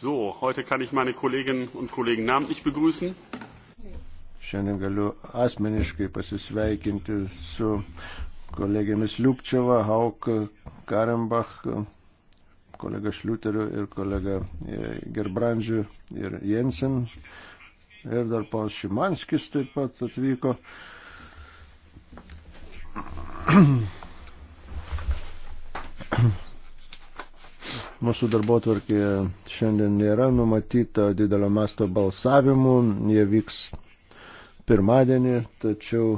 So, heute kann ich meine Kolleginnen und Kollegen namentlich begrüßen. Šiandien galiu asmeniškai pasisveikinti su kolegėmis Liupčiava, Hauk, Karembach, kolega Šliuteriu ir kolega e, Gerbrandžiu ir Jensen. Ir dar pas Šimanskis taip pat atvyko. Mūsų darbo tvarkėje šiandien nėra numatyta didelio masto balsavimų, jie vyks pirmadienį, tačiau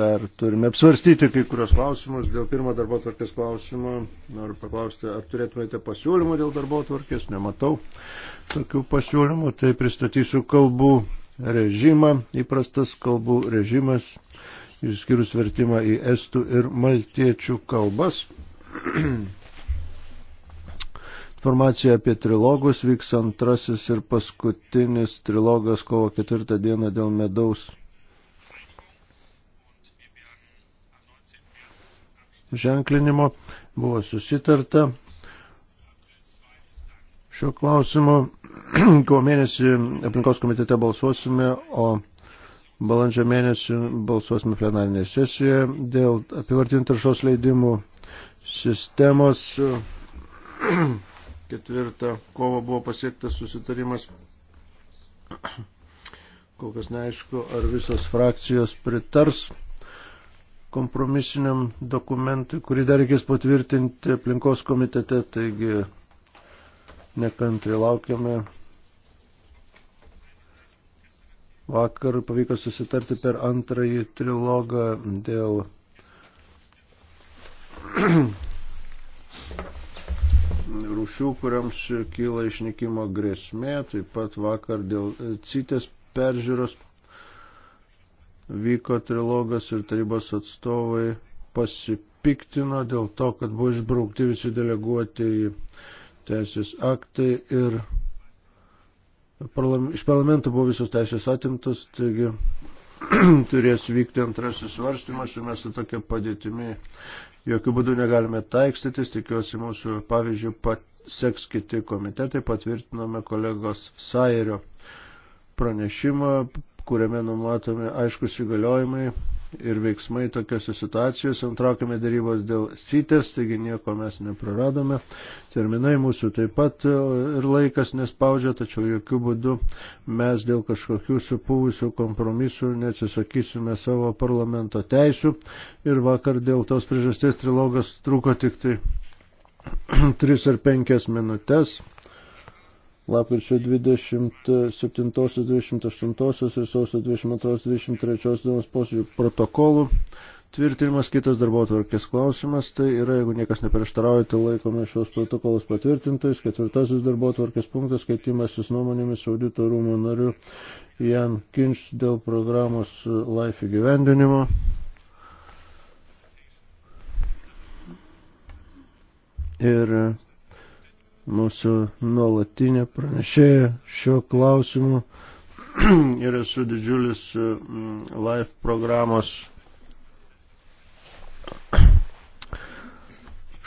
dar turime apsvarstyti kai kurios klausimus. Dėl pirmo darbo tvarkės klausimo noriu paklausti, ar turėtumėte pasiūlymų dėl darbo tvarkės, nematau tokių pasiūlymų, tai pristatysiu kalbų režimą, įprastas kalbų režimas, išskyrus vertimą į estų ir maltiečių kalbas. informaciją apie trilogus vyks antrasis ir paskutinis trilogas kovo ketvirtą dieną dėl medaus. Ženklinimo buvo susitarta. Šiuo klausimu kovo mėnesį aplinkos komitete balsuosime, o balandžio mėnesį balsuosime plenarinėje sesijoje dėl apivartinių taršos leidimų sistemos 4 kovo buvo pasiektas susitarimas. Kol kas neaišku, ar visos frakcijos pritars kompromisiniam dokumentui, kurį dar reikės patvirtinti aplinkos komitete, taigi nekantri laukiame. Vakar pavyko susitarti per antrąjį trilogą dėl rūšių, kuriams kyla išnykimo grėsmė. Taip pat vakar dėl CITES peržiūros vyko trilogas ir tarybos atstovai pasipiktino dėl to, kad buvo išbraukti visi deleguoti į teisės aktai ir parlam, iš parlamento buvo visos teisės atimtos, taigi turės vykti antrasis svarstymas ir mes su tokia padėtimi jokių būdų negalime taikstytis, tikiuosi mūsų pavyzdžių seks kiti komitetai, patvirtinome kolegos Sairio pranešimą, kuriame numatomi aiškus įgaliojimai ir veiksmai tokiose situacijose. Antraukime darybos dėl sitės, taigi nieko mes nepraradome. Terminai mūsų taip pat e, ir laikas nespaudžia, tačiau jokių būdų mes dėl kažkokių supūvusių kompromisų neatsisakysime savo parlamento teisų. Ir vakar dėl tos priežasties trilogas truko tik tai 3 ar 5 minutės lapkričio 27-28 ir sausio 22-23 dienos posėdžių protokolų. Tvirtinimas kitas darbo tvarkės klausimas, tai yra, jeigu niekas neprieštaraujate, tai laikome šios protokolus patvirtintais. Ketvirtasis darbo tvarkės punktas, skaitimasis nuomonėmis audito rūmų nariu Jan Kinč dėl programos LIFE įgyvendinimo. Ir mūsų nuolatinė pranešėja šiuo klausimu ir esu didžiulis mm, live programos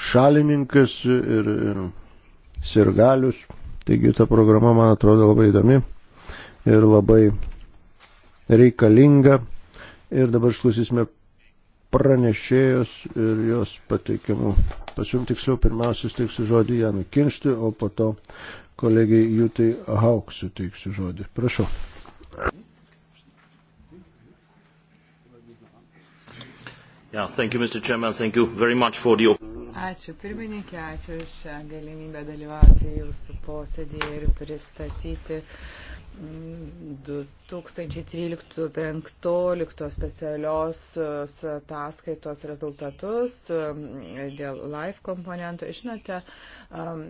šalininkas ir, ir sirgalius. Taigi ta programa man atrodo labai įdomi ir labai reikalinga. Ir dabar išklausysime pranešėjos ir jos pateikiamų pasiūm tiksliau pirmiausia steiksiu žodį Janui Kinštui, o po to kolegiai Jūtai Hauk suteiksiu žodį. Prašau. Yeah, thank you, Mr. Chairman. Thank you very much for the Ačiū pirmininkė, ačiū už šią galimybę dalyvauti jūsų posėdėje ir pristatyti uh, 2013-2015 specialios uh, ataskaitos rezultatus um, dėl life komponentų. Žinote, um,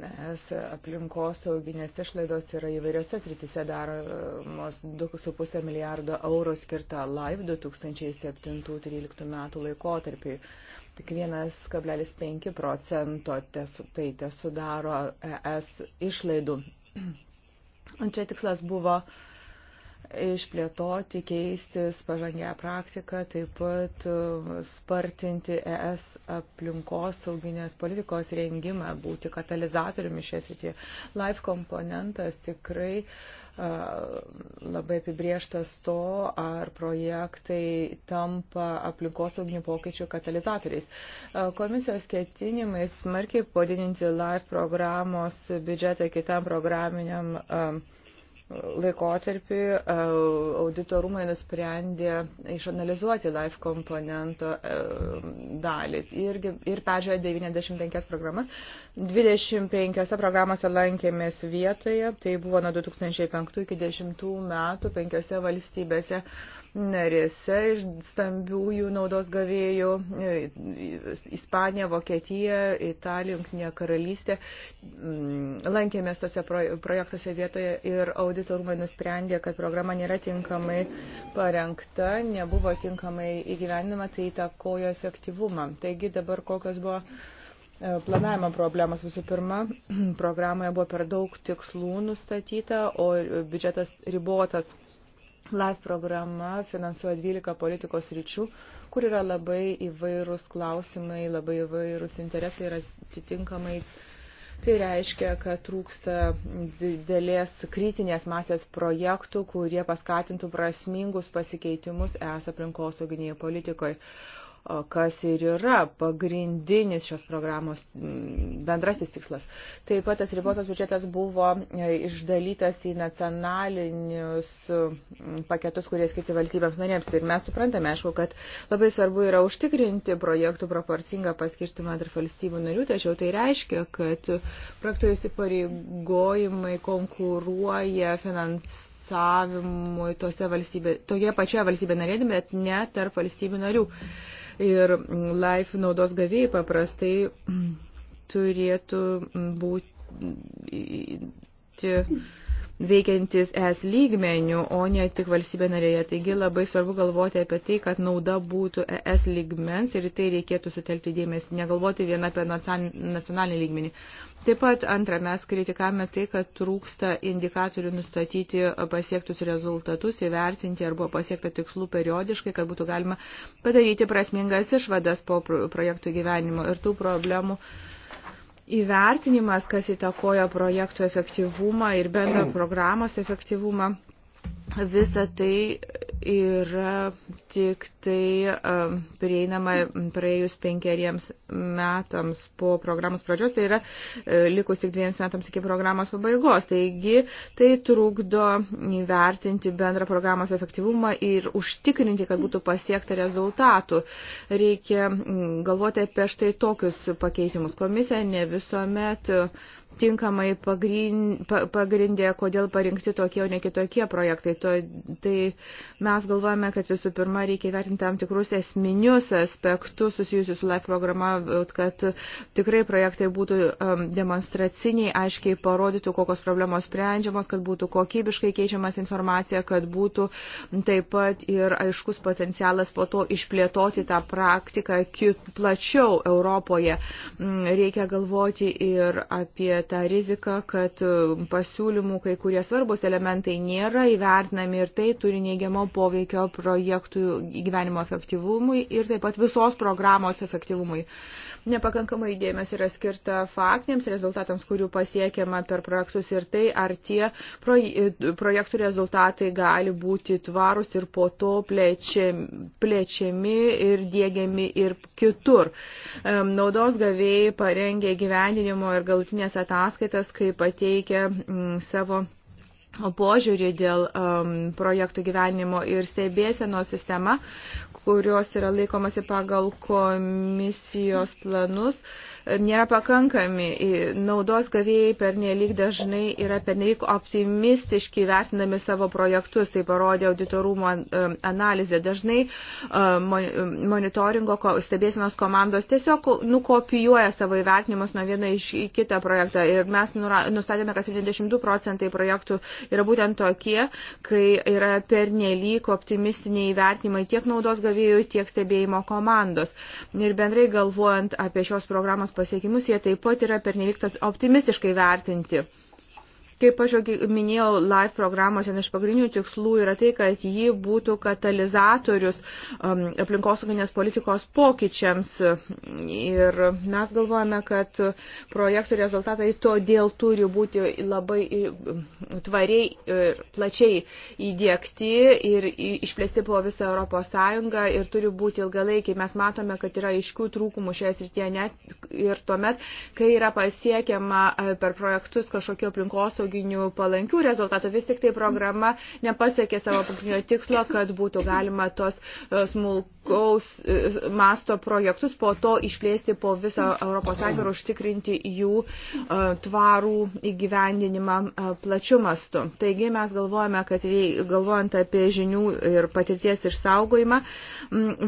aplinkos sauginės išlaidos yra įvairiose sritise daromos 2,5 milijardo eurų skirta life 2007-2013 metų laikotarpiai. Tik 1,5 procento tai tesudaro uh, ES išlaidų. Čia tikslas buvo išplėtoti, keistis pažangę praktiką, taip pat uh, spartinti ES aplinkos sauginės politikos rengimą, būti katalizatoriumi šioje srityje. Life komponentas tikrai uh, labai apibrieštas to, ar projektai tampa aplinkosauginių pokyčių katalizatoriais. Komisijos ketinimai smarkiai padidinti LIFE programos biudžetą kitam programiniam um, laikotarpį e, auditorumai nusprendė išanalizuoti LIFE komponento e, dalį ir, ir peržiūrė 95 programas. 25 programose lankėmės vietoje, tai buvo nuo 2005 iki 2010 metų penkiose valstybėse narėse iš stambiųjų naudos gavėjų e, - Ispanija, Vokietija, Italija, Junktinė karalystė. Mm, lankėmės tose projektuose vietoje ir auditorumai nusprendė, kad programa nėra tinkamai parengta, nebuvo tinkamai įgyvendinama, tai įtakojo efektyvumą. Taigi dabar kokios buvo e, planavimo problemos. Visų pirma, programoje buvo per daug tikslų nustatyta, o biudžetas ribotas LIFE programa finansuoja 12 politikos ryčių, kur yra labai įvairūs klausimai, labai įvairūs interesai ir atitinkamai. Tai reiškia, kad trūksta didelės kritinės masės projektų, kurie paskatintų prasmingus pasikeitimus es aplinkosauginėje politikoje kas ir yra pagrindinis šios programos mm, bendrasis tikslas. Taip pat tas ribotas biudžetas buvo e, išdalytas į nacionalinius mm, paketus, kurie skirti valstybėms narėms. Ir mes suprantame, aišku, kad labai svarbu yra užtikrinti projektų proporcingą paskirstimą tarp valstybių narių, tačiau tai reiškia, kad projektų įsipareigojimai konkuruoja finansuojant finansavimui tose valstybė, toje pačioje valstybė narėdė, bet ne tarp valstybių narių ir life naudos gavėjai paprastai turėtų būti veikiantis es lygmenių, o ne tik valstybė narėje. Taigi labai svarbu galvoti apie tai, kad nauda būtų es lygmens ir tai reikėtų sutelkti dėmesį, negalvoti vien apie nacionalinį lygmenį. Taip pat antra, mes kritikavome tai, kad trūksta indikatorių nustatyti pasiektus rezultatus, įvertinti ar buvo pasiekta tikslų periodiškai, kad būtų galima padaryti prasmingas išvadas po projektų gyvenimo ir tų problemų. Uh, įvertinimas, kas įtakoja projektų efektyvumą ir bendrą programos efektyvumą visa tai yra tik tai prieinama praėjus penkeriems metams po programos pradžios, tai yra e, likus tik dviems metams iki programos pabaigos. Taigi tai trukdo įvertinti bendrą programos efektyvumą ir užtikrinti, kad būtų pasiekta rezultatų. Reikia galvoti apie štai tokius pakeitimus. Komisija ne visuomet tinkamai pagrindė, kodėl parinkti tokie, o ne kitokie projektai. To, tai mes galvojame, kad visų pirma reikia vertinti tam tikrus esminius aspektus susijusius su LIFE programa, kad tikrai projektai būtų um, demonstraciniai, aiškiai parodytų, kokios problemos sprendžiamos, kad būtų kokybiškai keičiamas informacija, kad būtų taip pat ir aiškus potencialas po to išplėtoti tą praktiką plačiau Europoje. Mm, reikia galvoti ir apie tą riziką, kad e, pasiūlymų kai kurie svarbus elementai nėra įvertinami ir tai turi neigiamo poveikio projektų gyvenimo efektyvumui ir taip pat visos programos efektyvumui nepakankamai dėmesio yra skirta faktiniams rezultatams, kurių pasiekiama per projektus ir tai, ar tie projektų rezultatai gali būti tvarus ir po to plečiami ir dėgiami ir kitur. Naudos gavėjai parengė gyvendinimo ir galutinės ataskaitas, kai pateikia savo požiūrį dėl um, projektų gyvenimo ir stebėsenos sistema, kurios yra laikomasi pagal komisijos planus, nėra pakankami. Naudos gavėjai pernelyg dažnai yra pernelyg optimistiški vertinami savo projektus, tai parodė auditorumo analizė. Dažnai e, monitoringo stebėsinos komandos tiesiog nukopijuoja savo įvertinimus nuo vieno iš į kitą projektą. Ir mes nustatėme, kad 72 procentai projektų yra būtent tokie, kai yra pernelyg optimistiniai įvertinimai tiek naudos gavėjų, tiek stebėjimo komandos. Ir bendrai galvojant apie šios programos pasiekimus, jie taip pat yra pernelik optimistiškai vertinti. Kaip aš jau minėjau, LIFE programos viena iš pagrindinių tikslų yra tai, kad ji būtų katalizatorius um, aplinkosauginės politikos pokyčiams. Ir mes galvojame, kad projektų rezultatai todėl turi būti labai um, tvariai ir plačiai įdėkti ir išplėsti po visą Europos Sąjungą ir turi būti ilgalaikiai. Mes matome, kad yra iškių trūkumų šioje srityje net ir tuomet, kai yra pasiekiama uh, per projektus kažkokio aplinkosauginio tiesioginių palankių rezultatų. Vis tik tai programa nepasiekė savo pagrindinio tikslo, kad būtų galima tos e, smulkaus e, masto projektus po to išplėsti po visą ES ir užtikrinti jų e, tvarų įgyvendinimą plačiu mastu. Taigi mes galvojame, kad galvojant apie žinių ir patirties išsaugojimą,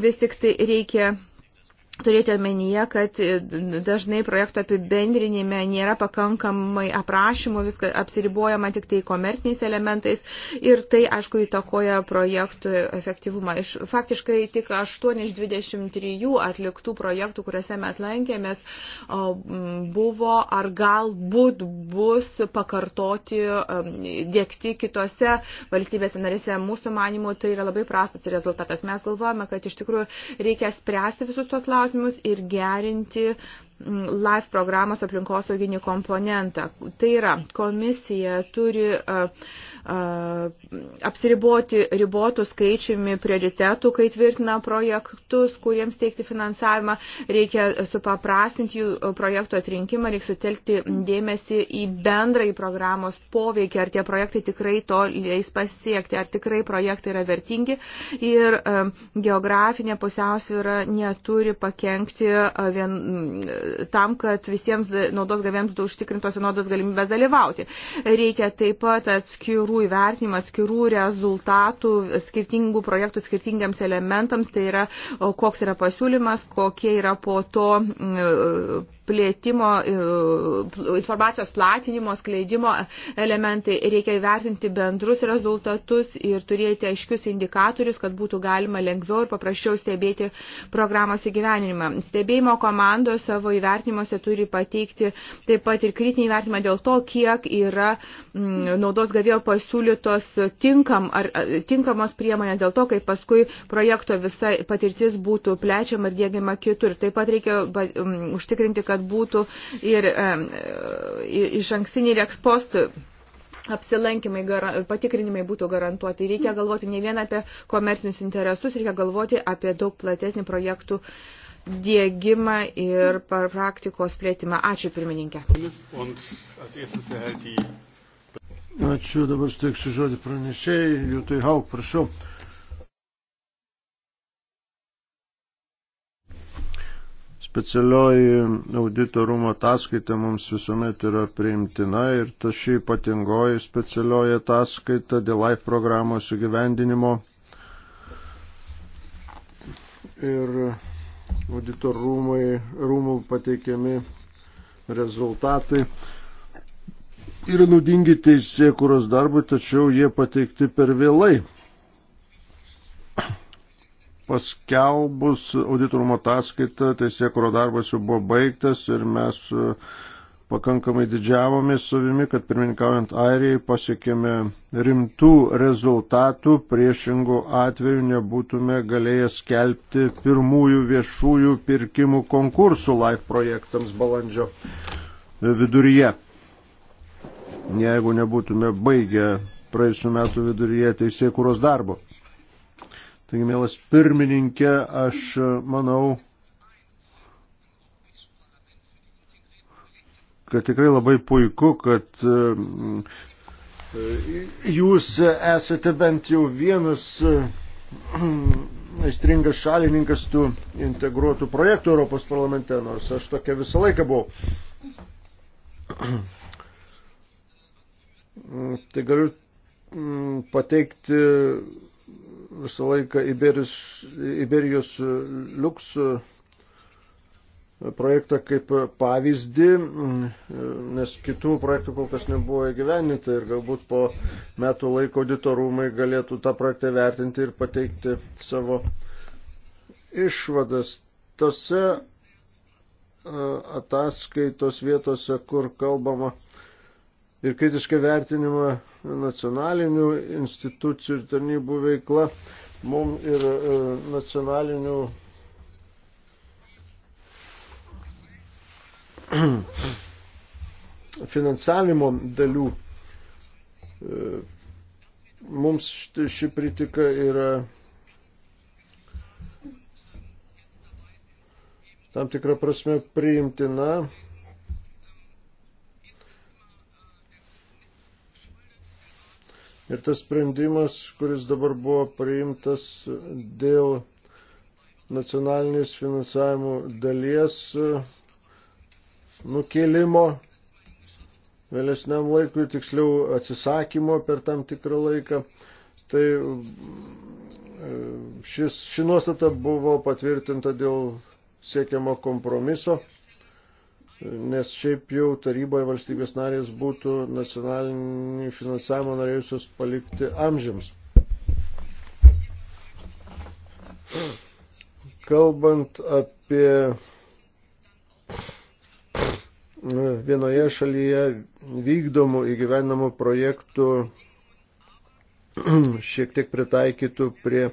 vis tik tai reikia turėti omenyje, kad dažnai projekto apibendrinime nėra pakankamai aprašymų, viską apsiribuojama tik tai komerciniais elementais ir tai, aišku, įtakoja projektų efektyvumą. Iš, faktiškai tik 8 iš 23 atliktų projektų, kuriuose mes lankėmės, buvo ar galbūt bus pakartoti, e, dėkti kitose valstybėse narėse. Mūsų manimų tai yra labai prastas rezultatas. Mes galvojame, kad iš tikrųjų reikia spręsti visus tos klausimus klausimus ir gerinti mm, LIFE programos aplinkosauginį komponentą. Tai yra, komisija turi uh, apsiriboti ribotų skaičiumi prioritetų, kai tvirtina projektus, kuriems teikti finansavimą, reikia supaprastinti jų projektų atrinkimą, reikia sutelkti dėmesį į bendrąjį programos poveikį, ar tie projektai tikrai to leis pasiekti, ar tikrai projektai yra vertingi ir geografinė pusiausvyrą neturi pakenkti vien, tam, kad visiems naudos gavėjams būtų užtikrintos vienodos galimybės dalyvauti. Reikia taip pat atskirų atskirų įvertinimų, atskirų rezultatų, skirtingų projektų skirtingiams elementams, tai yra koks yra pasiūlymas, kokie yra po to plėtimo, e, informacijos platinimo, skleidimo elementai. Reikia įvertinti bendrus rezultatus ir turėti aiškius indikatorius, kad būtų galima lengviau ir paprasčiau stebėti programos įgyveninimą. Stebėjimo komandos savo įvertinimuose turi pateikti taip pat ir kritinį įvertinimą dėl to, kiek yra m, mm, naudos gavėjo pasiūlytos tinkam, ar, tinkamos priemonės dėl to, kaip paskui projekto visa patirtis būtų plečiama ir dėgiama kitur. Taip pat reikia m, mm, užtikrinti, kad kad būtų ir iš ankstiniai ir ekspostų apsilankimai, patikrinimai būtų garantuoti. Reikia galvoti ne vien apie komercinius interesus, reikia galvoti apie daug platesnį projektų dėgymą ir praktikos plėtimą. Ačiū pirmininkė. Ačiū, dabar steiksiu žodį pranešėjai, Jūtai Hauk, prašau. Specialioji auditorumo ataskaita mums visuomet yra priimtina ir ta ši ypatingoji specialioji ataskaita dėl LIFE programos įgyvendinimo ir auditorumai rūmų pateikiami rezultatai yra naudingi teisėkuros darbui, tačiau jie pateikti per vėlai paskelbus auditorumo ataskaitą, teisėkuro darbas jau buvo baigtas ir mes e, pakankamai didžiavomės savimi, kad pirmininkaujant Airijai pasiekėme rimtų rezultatų, priešingų atveju nebūtume galėję skelbti pirmųjų viešųjų pirkimų konkursų live projektams balandžio viduryje. Jeigu nebūtume baigę praėjusiu metu viduryje teisėkuros darbo. Taigi, mielas pirmininkė, aš e, manau, kad tikrai labai puiku, kad e, e, jūs esate bent jau vienas aistringas šalininkas tų integruotų projektų Europos parlamente, nors aš tokia visą laiką buvau. Tai galiu pateikti visą laiką Iberijos, Iberijos liuks e, projektą kaip pavyzdį, e, nes kitų projektų kol kas nebuvo įgyveninta ir galbūt po metų laiko auditorumai galėtų tą projektą vertinti ir pateikti savo išvadas. Tose e, ataskaitos vietose, kur kalbama ir kritiškai vertinimą nacionalinių institucijų ir tarnybų veikla, mums ir e, nacionalinių finansavimo dalių. E, mums ši pritika yra tam tikrą prasme priimtina, Ir tas sprendimas, kuris dabar buvo priimtas dėl nacionalinės finansavimo dalies e, nukėlimo vėlesniam laikui, tiksliau atsisakymo per tam tikrą laiką. Tai e, šis, ši nuostata buvo patvirtinta dėl siekiamo kompromiso nes šiaip jau taryboje valstybės narės būtų nacionalinį finansavimą norėjusios palikti amžiams. Kalbant apie vienoje šalyje vykdomų įgyvenamų projektų šiek tiek pritaikytų prie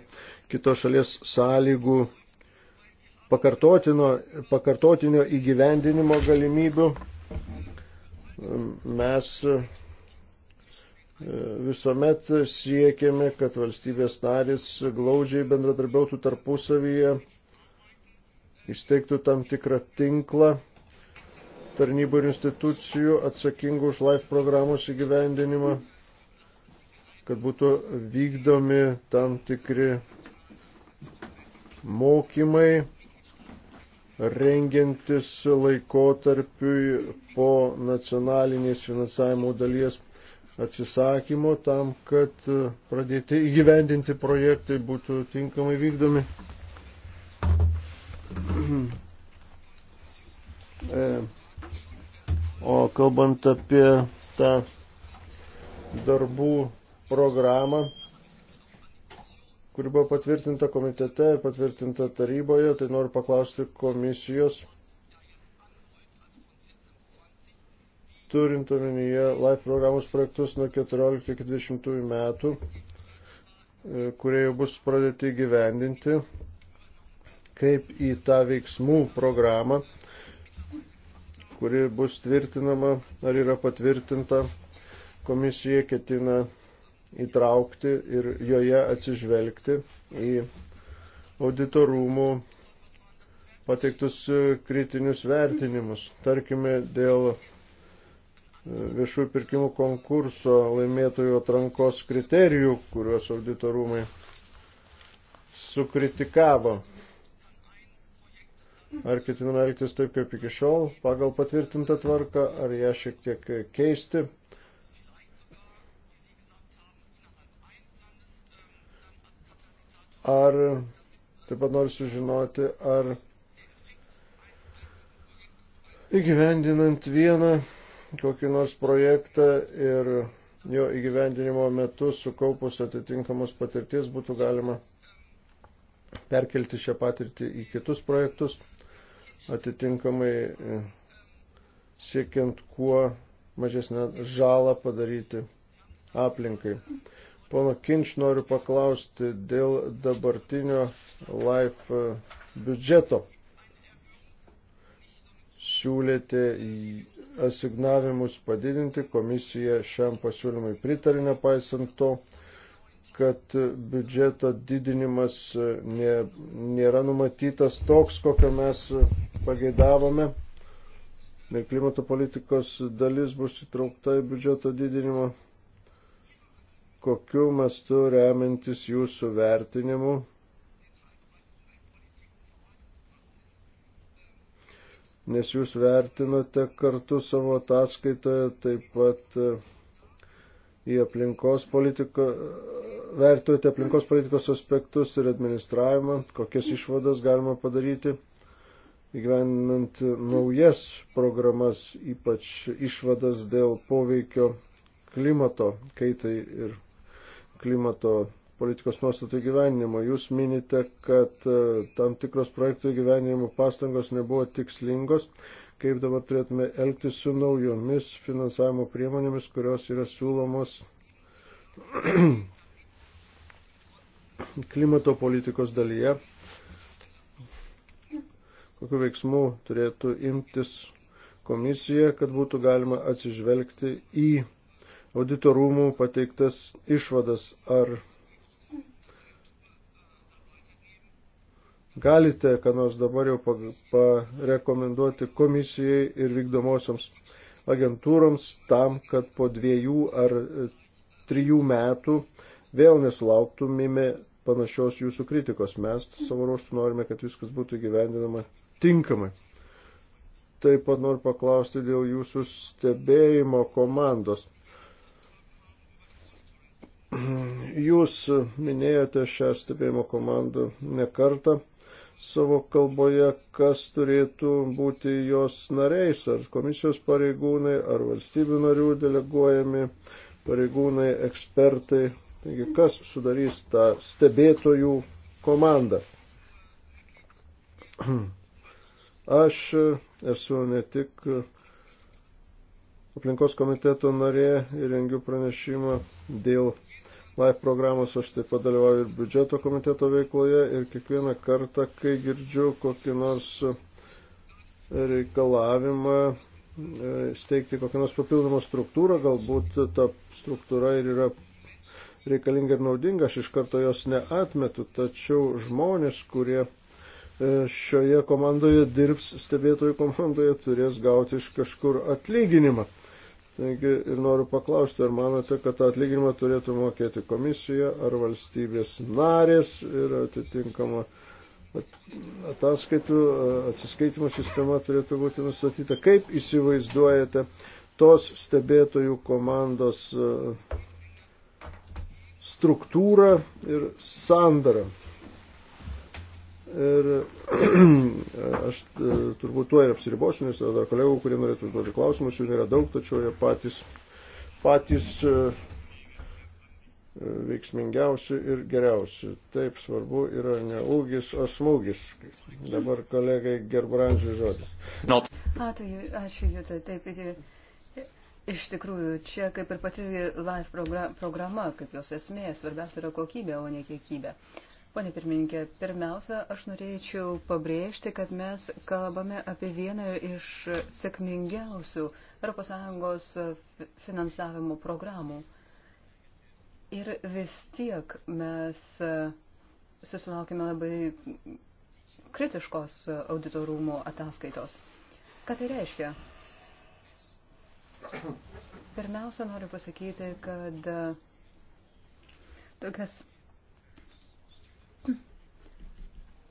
kitos šalies sąlygų pakartotinio įgyvendinimo galimybių. Mes e, visuomet siekiame, kad valstybės narys glaudžiai bendradarbiautų tarpusavyje, įsteigtų tam tikrą tinklą tarnybų ir institucijų atsakingų už LIFE programos įgyvendinimą, kad būtų vykdomi tam tikri mokymai rengiantis laikotarpiui po nacionalinės finansavimo dalies atsisakymo tam, kad e, pradėti įgyvendinti projektai būtų tinkamai vykdomi. E, o kalbant apie tą darbų programą, kuri buvo patvirtinta komitete ir patvirtinta taryboje, tai noriu paklausti komisijos, turint omenyje LIFE programos projektus nuo 14 iki 20 metų, e, kurie jau bus pradėti gyvendinti, kaip į tą veiksmų programą, kuri bus tvirtinama ar yra patvirtinta, komisija ketina įtraukti ir joje atsižvelgti į auditorumų pateiktus kritinius vertinimus. Tarkime, dėl e, viešųjų pirkimų konkurso laimėtojų atrankos kriterijų, kuriuos auditorumai sukritikavo. Ar ketiname elgtis taip kaip iki šiol, pagal patvirtintą tvarką, ar ją šiek tiek keisti. Ar taip pat noriu sužinoti, ar įgyvendinant vieną kokį nors projektą ir jo įgyvendinimo metu sukaupus atitinkamos patirties būtų galima perkelti šią patirtį į kitus projektus, atitinkamai e, siekiant kuo mažesnę žalą padaryti aplinkai. Pono Kinč noriu paklausti dėl dabartinio LIFE biudžeto. Siūlėte asignavimus padidinti, komisija šiam pasiūlymui pritarė, nepaisant to, kad biudžeto didinimas nė, nėra numatytas toks, kokio mes pageidavome. Ir klimato politikos dalis bus įtraukta į biudžeto didinimo kokiu mastu remiantis jūsų vertinimu nes jūs vertinote kartu savo ataskaitoje taip pat e, į aplinkos politiką, vertinote aplinkos politikos aspektus ir administravimą, kokias išvadas galima padaryti, įgyveninant naujas programas, ypač išvadas dėl poveikio klimato kaitai ir klimato politikos nuostatų gyvenimo. Jūs minite, kad e, tam tikros projektų gyvenimo pastangos nebuvo tikslingos. Kaip dabar turėtume elgtis su naujomis finansavimo priemonėmis, kurios yra siūlomos klimato politikos dalyje? Kokiu veiksmu turėtų imtis komisija, kad būtų galima atsižvelgti į auditorumų pateiktas išvadas. Ar galite, ką nors dabar jau parekomenduoti komisijai ir vykdomosioms agentūroms tam, kad po dviejų ar trijų metų vėl nesulauktumėme panašios jūsų kritikos. Mes savo ruoštų norime, kad viskas būtų gyvendinama tinkamai. Taip pat noriu paklausti dėl jūsų stebėjimo komandos. Jūs minėjote šią stebėjimo komandą nekartą savo kalboje, kas turėtų būti jos nariais, ar komisijos pareigūnai, ar valstybių narių deleguojami pareigūnai, ekspertai. Taigi, kas sudarys tą stebėtojų komandą? Aš esu ne tik aplinkos komiteto narė ir rengiu pranešimą dėl LIFE programos, aš taip pat dalyvauju ir biudžeto komiteto veikloje ir kiekvieną kartą, kai girdžiu kokį nors e, reikalavimą e, steigti kokią nors papildomą struktūrą, galbūt ta struktūra ir yra reikalinga ir naudinga, aš iš karto jos neatmetu, tačiau žmonės, kurie e, šioje komandoje dirbs, stebėtojų komandoje, turės gauti iš kažkur atlyginimą. Taigi ir noriu paklausti, ar manote, kad tą atlyginimą turėtų mokėti komisija ar valstybės narės ir atitinkama ataskaitų, atsiskaitimo sistema turėtų būti nustatyta. Kaip įsivaizduojate tos stebėtojų komandos struktūrą ir sandarą? Ir aš e, turbūt tuo ir apsiribosiu, nes yra dar kolegų, kurie norėtų užduoti klausimus, jų nėra daug, tačiau jie patys, patys e, e, veiksmingiausi ir geriausi. Taip svarbu yra ne ūgis, o smūgis. Dabar kolegai Gerbrandžiui žodis. Not. Ačiū, ačiū Jūta, taip. Iš tikrųjų, čia kaip ir pati live programa, kaip jos esmė, svarbiausia yra kokybė, o ne kiekybė. Uh, Pone pirmininkė, pirmiausia, aš norėčiau pabrėžti, kad mes kalbame apie vieną iš sėkmingiausių ES finansavimo programų. Ir vis tiek mes susilaukime labai kritiškos auditorumo ataskaitos. Ką tai reiškia? Pirmiausia, noriu pasakyti, kad tokias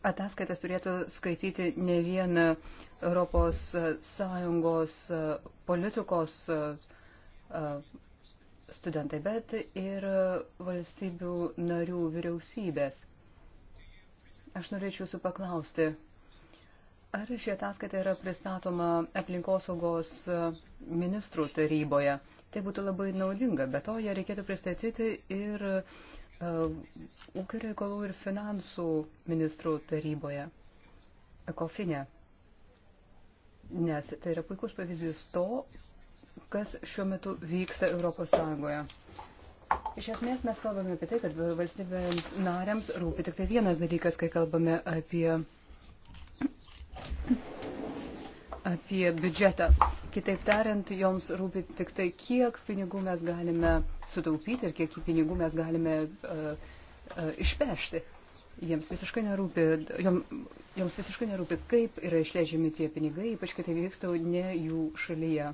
ataskaitas turėtų skaityti ne vien ES politikos studentai, bet ir valstybių narių vyriausybės. Aš norėčiau jūsų paklausti, ar ši ataskaita yra pristatoma aplinkosaugos ministrų taryboje? Tai būtų labai naudinga, bet to ją reikėtų pristatyti ir uh, E, ūkio reikalų ir finansų ministrų taryboje, ekofinė. Nes tai yra puikus pavyzdys to, kas šiuo metu vyksta Europos Sąjungoje. Iš esmės mes kalbame apie tai, kad valstybėms nariams rūpi tik tai vienas dalykas, kai kalbame apie, apie biudžetą. Kitaip tariant, joms rūpi tik tai, kiek pinigų mes galime uh, sutaupyti ir kiek pinigų mes galime uh, uh, išpešti. Jiems visiškai nerūpi, jom, joms visiškai nerūpi, kaip yra išleidžiami tie pinigai, ypač kai tai vyksta ne jų šalyje.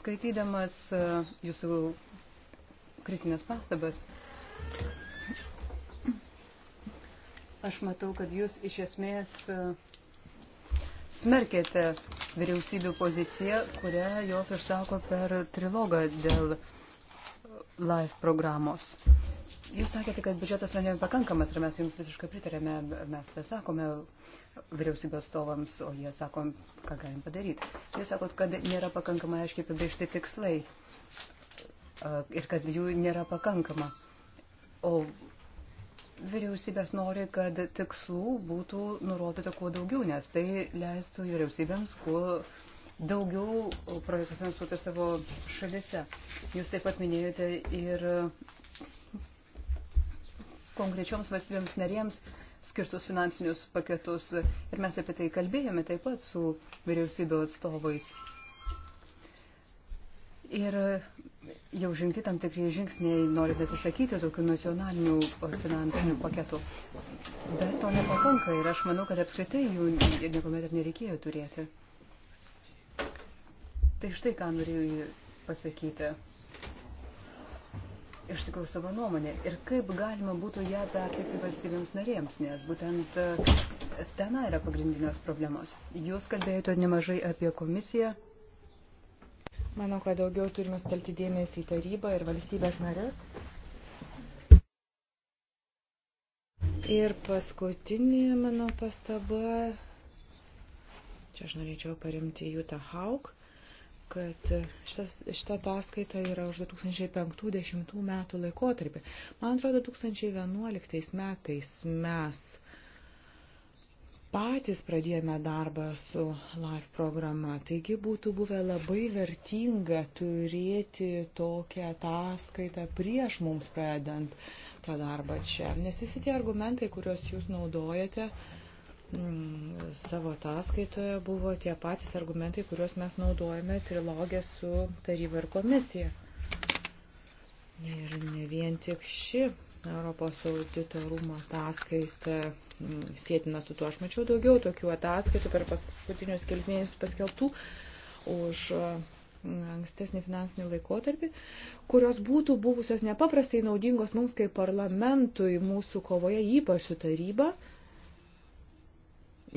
Skaitydamas uh, jūsų kritinės pastabas, aš matau, kad jūs iš esmės smerkėte vyriausybių poziciją, kurią jos išsako per trilogą dėl uh, Life programos. Jūs sakėte, kad biudžetas yra nepakankamas ir mes jums visiškai pritarėme, mes tai sakome vyriausybės stovams, o jie sako, ką galim padaryti. Jūs sakot, kad nėra pakankamai aiškiai apibriežti tikslai ir kad jų nėra pakankama. O vyriausybės nori, kad tikslų būtų nurodyta kuo daugiau, nes tai leistų vyriausybėms kuo daugiau projektų finansuotų savo šalise. Jūs taip pat minėjote ir konkrečioms valstybėms narėms skirtus finansinius paketus ir mes apie tai kalbėjome taip pat su vyriausybių atstovais. Ir jau žengti tam tikrai žingsniai, norint atsisakyti tokių nacionalinių finansinių paketų. Bet to nepakanka ir aš manau, kad apskritai jų niekuomet ir nereikėjo turėti. Tai štai ką norėjau pasakyti. Iš tikrųjų savo nuomonę. Ir kaip galima būtų ją perteikti valstybėms narėms, nes būtent e, ten yra pagrindinės problemos. Jūs kalbėjote nemažai apie komisiją. Manau, kad daugiau turime stelti dėmesį į tarybą ir valstybės narės. Ir paskutinė mano pastaba, čia aš norėčiau paremti Jūta Hauk, kad šitas, šita ataskaita yra už 2005-2010 metų laikotarpį. Man atrodo, 2011 metais mes patys pradėjome darbą su live programa, taigi būtų buvę labai vertinga turėti tokią ataskaitą prieš mums pradedant tą darbą čia. Nes visi tie argumentai, kuriuos jūs naudojate, uh, Mm, savo ataskaitoje buvo tie patys argumentai, kuriuos mes naudojame trilogę su taryba ir komisija. Ir ne vien tik ši Europos audito rūmo ataskaita mm, sėtina su tuo. Aš mačiau daugiau tokių ataskaitų per paskutinius kelius mėnesius paskelbtų už mm, ankstesnį finansinį laikotarpį, kurios būtų buvusios nepaprastai naudingos mums kaip parlamentui mūsų kovoje, ypač su taryba. Uh,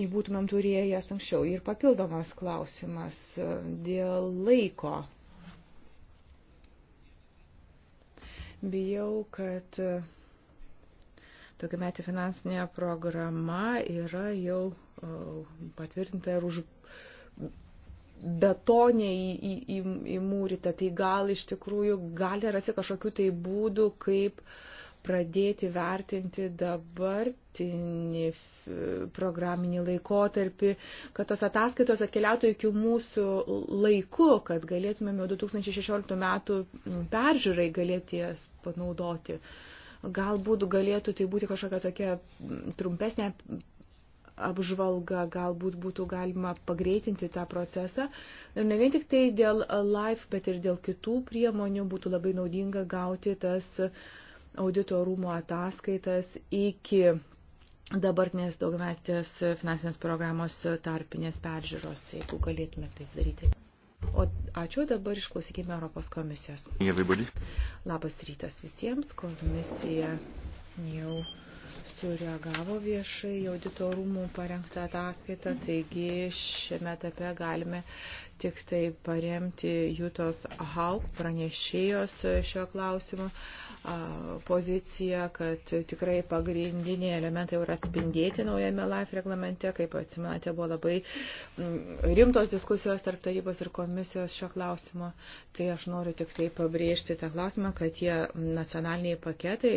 būtumėm turėjęs anksčiau. Ir papildomas klausimas e, dėl laiko. Bijau, kad e, tokia metė finansinė programa yra jau e, patvirtinta ir už betonė į, į, į, įmūryta. Tai gal iš tikrųjų gali rasti kažkokių tai būdų, kaip uh, pradėti vertinti dabartinį programinį laikotarpį, kad tos ataskaitos atkeliautų iki mūsų laiku, kad galėtumėm jau 2016 metų peržiūrai galėti jas panaudoti. Galbūt galėtų tai būti kažkokia tokia trumpesnė apžvalga, galbūt būtų galima pagreitinti tą procesą. Ir ne vien tik tai dėl LIFE, bet ir dėl kitų priemonių būtų labai naudinga gauti tas uh, audito rūmų ataskaitas iki dabartinės daugmetės finansinės programos tarpinės peržiūros, jeigu galėtume taip daryti. O ačiū, dabar išklausykime Europos komisijos. Everybody. Labas rytas visiems, komisija jau sureagavo viešai auditorumų parengtą ataskaitą, taigi šiame etape galime tik tai paremti Jūtos Hauk pranešėjos šio klausimo poziciją, kad tikrai pagrindiniai elementai yra atspindėti naujame LIFE reglamente, kaip atsimenate, buvo labai mm, rimtos diskusijos tarp tarybos ir komisijos šio klausimo. Tai aš noriu tik tai pabrėžti tą klausimą, kad tie nacionaliniai paketai,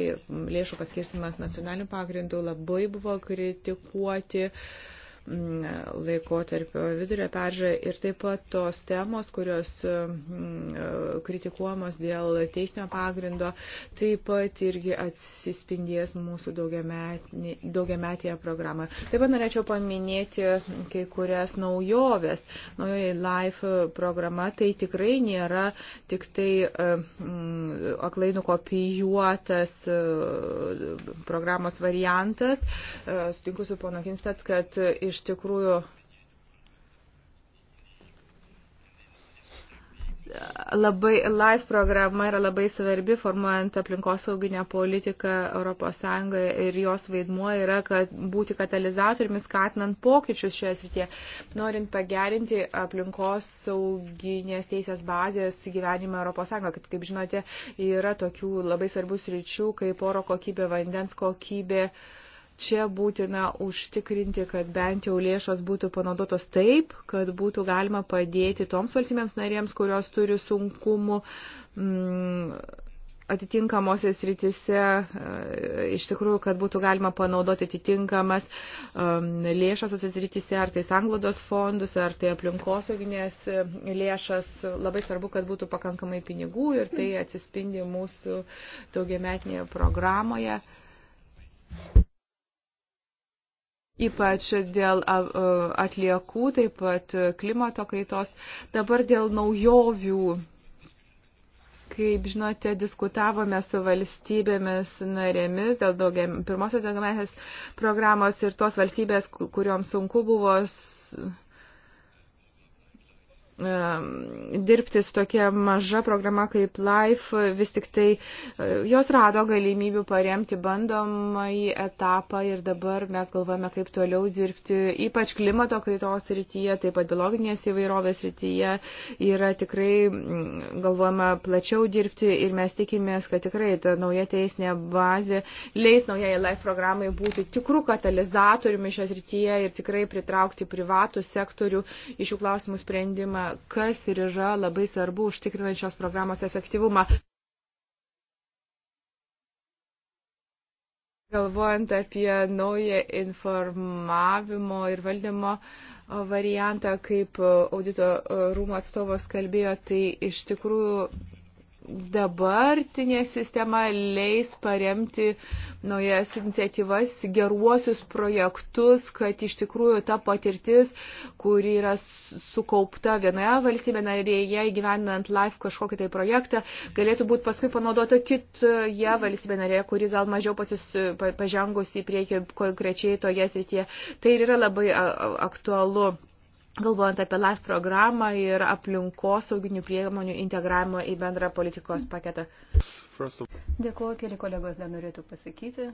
lėšų paskirstimas nacionalinių pagrindų labai buvo kritikuoti uh, Mm, laikotarpio vidurio peržiūrą ir taip pat tos temos, kurios mm, kritikuojamos dėl teisinio pagrindo, taip pat irgi atsispindės mūsų daugiametėje programoje. Taip pat norėčiau paminėti kai kurias naujoves. Naujoji LIFE programa tai tikrai nėra tik tai e, mm, aklai nukopijuotas e, programos variantas. E, sutinku su pono Kinstat, kad iš iš tikrųjų labai live programa yra labai svarbi formuojant aplinkosauginę politiką ES ir jos vaidmuo yra kad būti katalizatoriumi skatinant pokyčius šioje srityje. Norint pagerinti aplinkosauginės teisės bazės gyvenimą ES, kad kaip žinote, yra tokių labai svarbių sričių kaip oro kokybė, vandens kokybė. Uh, Čia būtina užtikrinti, kad bent jau lėšos būtų panaudotos taip, kad būtų galima padėti toms valstybėms narėms, kurios turi sunkumų mm, atitinkamosios rytise, e, iš tikrųjų, kad būtų galima panaudoti atitinkamas um, lėšas atsirytise, ar tai sanglodos fondus, ar tai aplinkosauginės e, lėšas. Labai svarbu, kad būtų pakankamai pinigų ir tai atsispindi mūsų daugiametinėje programoje ypač dėl atliekų, taip pat klimato kaitos. Dabar dėl naujovių kaip žinote, diskutavome su valstybėmis narėmis dėl daugia, pirmosios daugiametės programos ir tos valstybės, kuriuoms sunku buvo dirbti su tokia maža programa kaip LIFE, vis tik tai e, jos rado galimybių paremti bandomąjį etapą ir dabar mes galvojame, kaip toliau dirbti, ypač klimato kaitos rytyje, taip pat biologinės įvairovės rytyje yra tikrai galvojama plačiau dirbti ir mes tikimės, kad tikrai ta nauja teisinė bazė leis naujai LIFE programai būti tikrų katalizatoriumi šios rytyje ir tikrai pritraukti privatų sektorių iš jų klausimų sprendimą kas ir yra labai svarbu užtikrinant šios programos efektyvumą. Galvojant apie naują informavimo ir valdymo variantą, kaip audito rūmų atstovas kalbėjo, tai iš tikrųjų dabartinė sistema leis paremti naujas iniciatyvas, geruosius projektus, kad iš tikrųjų ta patirtis, kuri yra sukaupta vienoje valstybė narėje įgyvendinant live kažkokį tai projektą, galėtų būti paskui panaudota kitoje valstybė narėje, kuri gal mažiau pasis, pažengusi į priekį konkrečiai toje srityje. Tai ir yra labai aktualu galvojant apie LIFE programą ir aplinkosauginių priemonių integravimo į bendrą politikos paketą. Dėkuoju, keli kolegos dar norėtų pasakyti.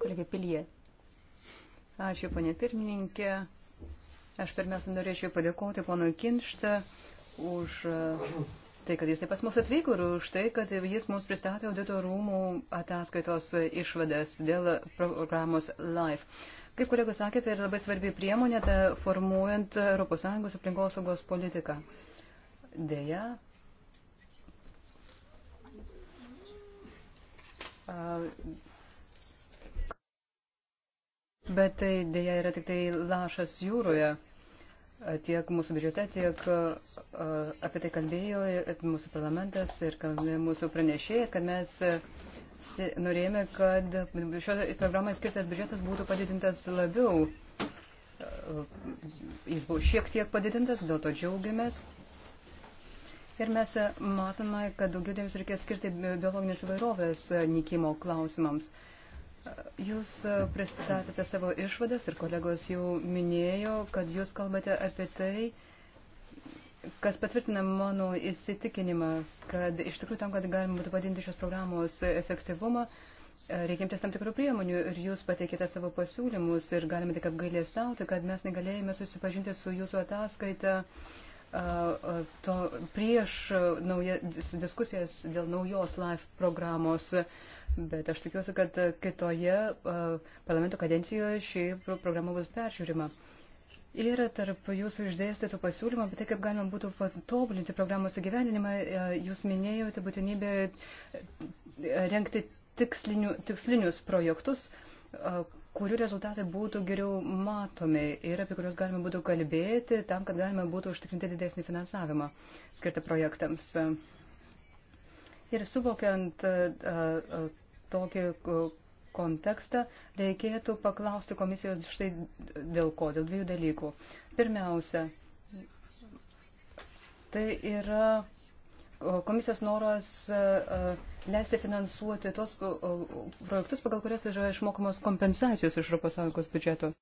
Kolegė Pilie. Ačiū, ponė pirmininkė. Aš pirmiausia norėčiau padėkoti ponui Kinštą už e, tai, kad jisai pas mus atvyko ir už tai, kad jis mums pristatė audito rūmų ataskaitos išvadas dėl programos LIFE. Kaip kolegos sakė, tai yra labai svarbi priemonė tai formuojant ES aplinkosaugos politiką. Deja, bet tai deja yra tik tai lašas jūroje. Tiek mūsų biudžete, tiek apie tai kalbėjo mūsų parlamentas ir mūsų pranešėjas, kad mes norėjome, kad šios programai skirtas biudžetas būtų padidintas labiau. Jis buvo šiek tiek padidintas, dėl to džiaugiamės. Ir mes matome, kad daugiau dėmesio reikės skirti biologinės įvairovės nikimo klausimams. Jūs pristatėte savo išvadas ir kolegos jau minėjo, kad jūs kalbate apie tai, kas patvirtina mano įsitikinimą, kad iš tikrųjų tam, kad galima būtų padinti šios programos efektyvumą, reikimtis tam tikrų priemonių ir jūs pateikite savo pasiūlymus ir galime tik apgailėstauti, kad mes negalėjome susipažinti su jūsų ataskaita to, prieš nauja, diskusijas dėl naujos LIFE programos. Bet aš tikiuosi, kad kitoje parlamento kadencijoje ši programa bus peržiūrima. Uh, Ir tarp jūsų išdėstytų pasiūlymų apie tai, kaip galima būtų patobulinti programos įgyvendinimą, e, jūs minėjote būtinybę e, renkti tikslinių, tikslinius projektus, e, kurių rezultatai būtų geriau matomi ir apie kuriuos galima būtų kalbėti tam, kad galima būtų užtikrinti didesnį finansavimą skirtą projektams. Ir suvokiant tokį kontekstą, reikėtų paklausti komisijos štai dėl ko, dėl dviejų dalykų. Pirmiausia, tai yra komisijos noras leisti finansuoti tos projektus, pagal kurias yra išmokamos kompensacijos iš ES biudžeto.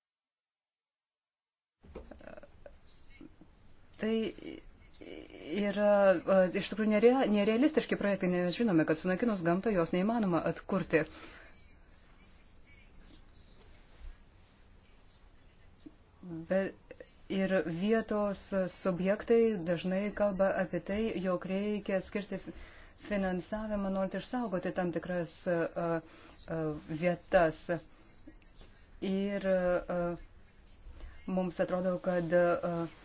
Tai yra iš tikrųjų nerealistiški projektai, nes žinome, kad sunaikinus gamtą jos neįmanoma atkurti. Uh, Be, ir vietos subjektai dažnai kalba apie tai, jog reikia skirti finansavimą, norint išsaugoti tam tikras uh, uh, vietas. Ir uh, mums atrodo, kad uh,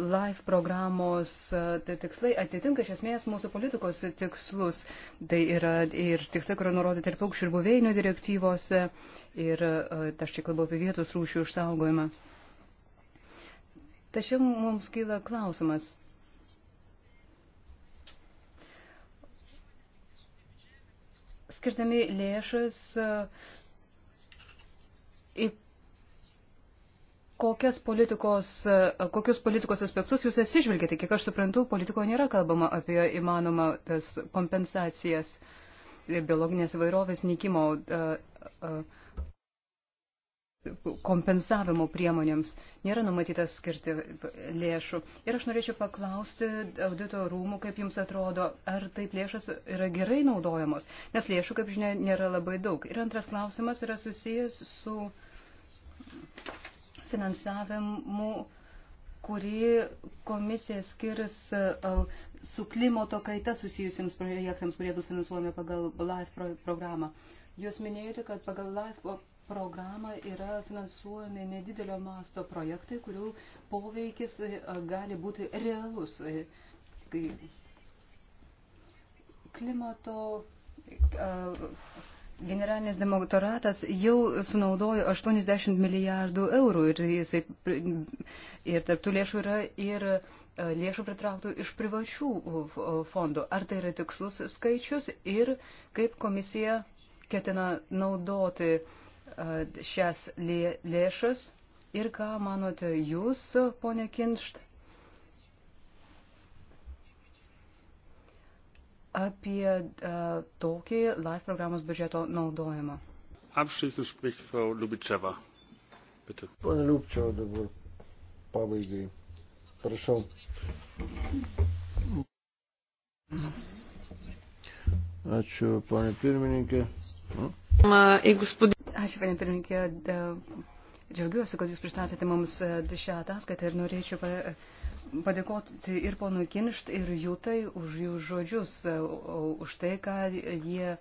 LIFE programos tai tikslai atitinka iš esmės mūsų politikos tikslus. Tai yra ir tikslai, kurio nurodyti ir paukščių ir buveinių direktyvose, ir aš čia kalbu apie vietos rūšių išsaugojimą. Uh, Tačiau mums kyla klausimas. Skirtami lėšas e, į kokias politikos, e, kokius politikos aspektus jūs atsižvelgėte? Kiek aš suprantu, politikoje nėra kalbama apie įmanomą tas kompensacijas biologinės įvairovės nykimo. Uh, uh, kompensavimo priemonėms nėra numatytas skirti lėšų. Ir aš norėčiau paklausti audito rūmų, kaip jums atrodo, ar taip lėšas yra gerai naudojamos, nes lėšų, kaip žinia, nėra labai daug. Ir antras klausimas yra susijęs su finansavimu kuri komisija skirs su klimato kaita susijusiems projektams, kurie bus finansuojami pagal LIFE programą. Jūs minėjote, kad pagal LIFE programą yra finansuojami nedidelio masto projektai, kurių poveikis e, gali būti realus. E, klimato e, generalinis demokratas jau sunaudojo 80 milijardų eurų ir, jisai, ir tarptų lėšų yra ir lėšų pritrauktų iš privačių fondų. Ar tai yra tikslus skaičius ir kaip komisija ketina naudoti uh, E, šias lė, lėšas ir ką manote jūs, ponė Kinšt, apie a, e, tokį LIFE programos biudžeto naudojimą? Abschließend spricht Frau Lubitscheva. Bitte. Pone Liubčiau dabar pabaigai. Prašau. Ačiū, ponė pirmininkė. Jeigu spūdė. Ačiū, panė pirmininkė. Džiaugiuosi, kad jūs pristatėte mums e, šią ataskaitą ir norėčiau e, padėkoti ir ponui Kinšt, ir Jūtai už jų žodžius, e, už tai, ką jie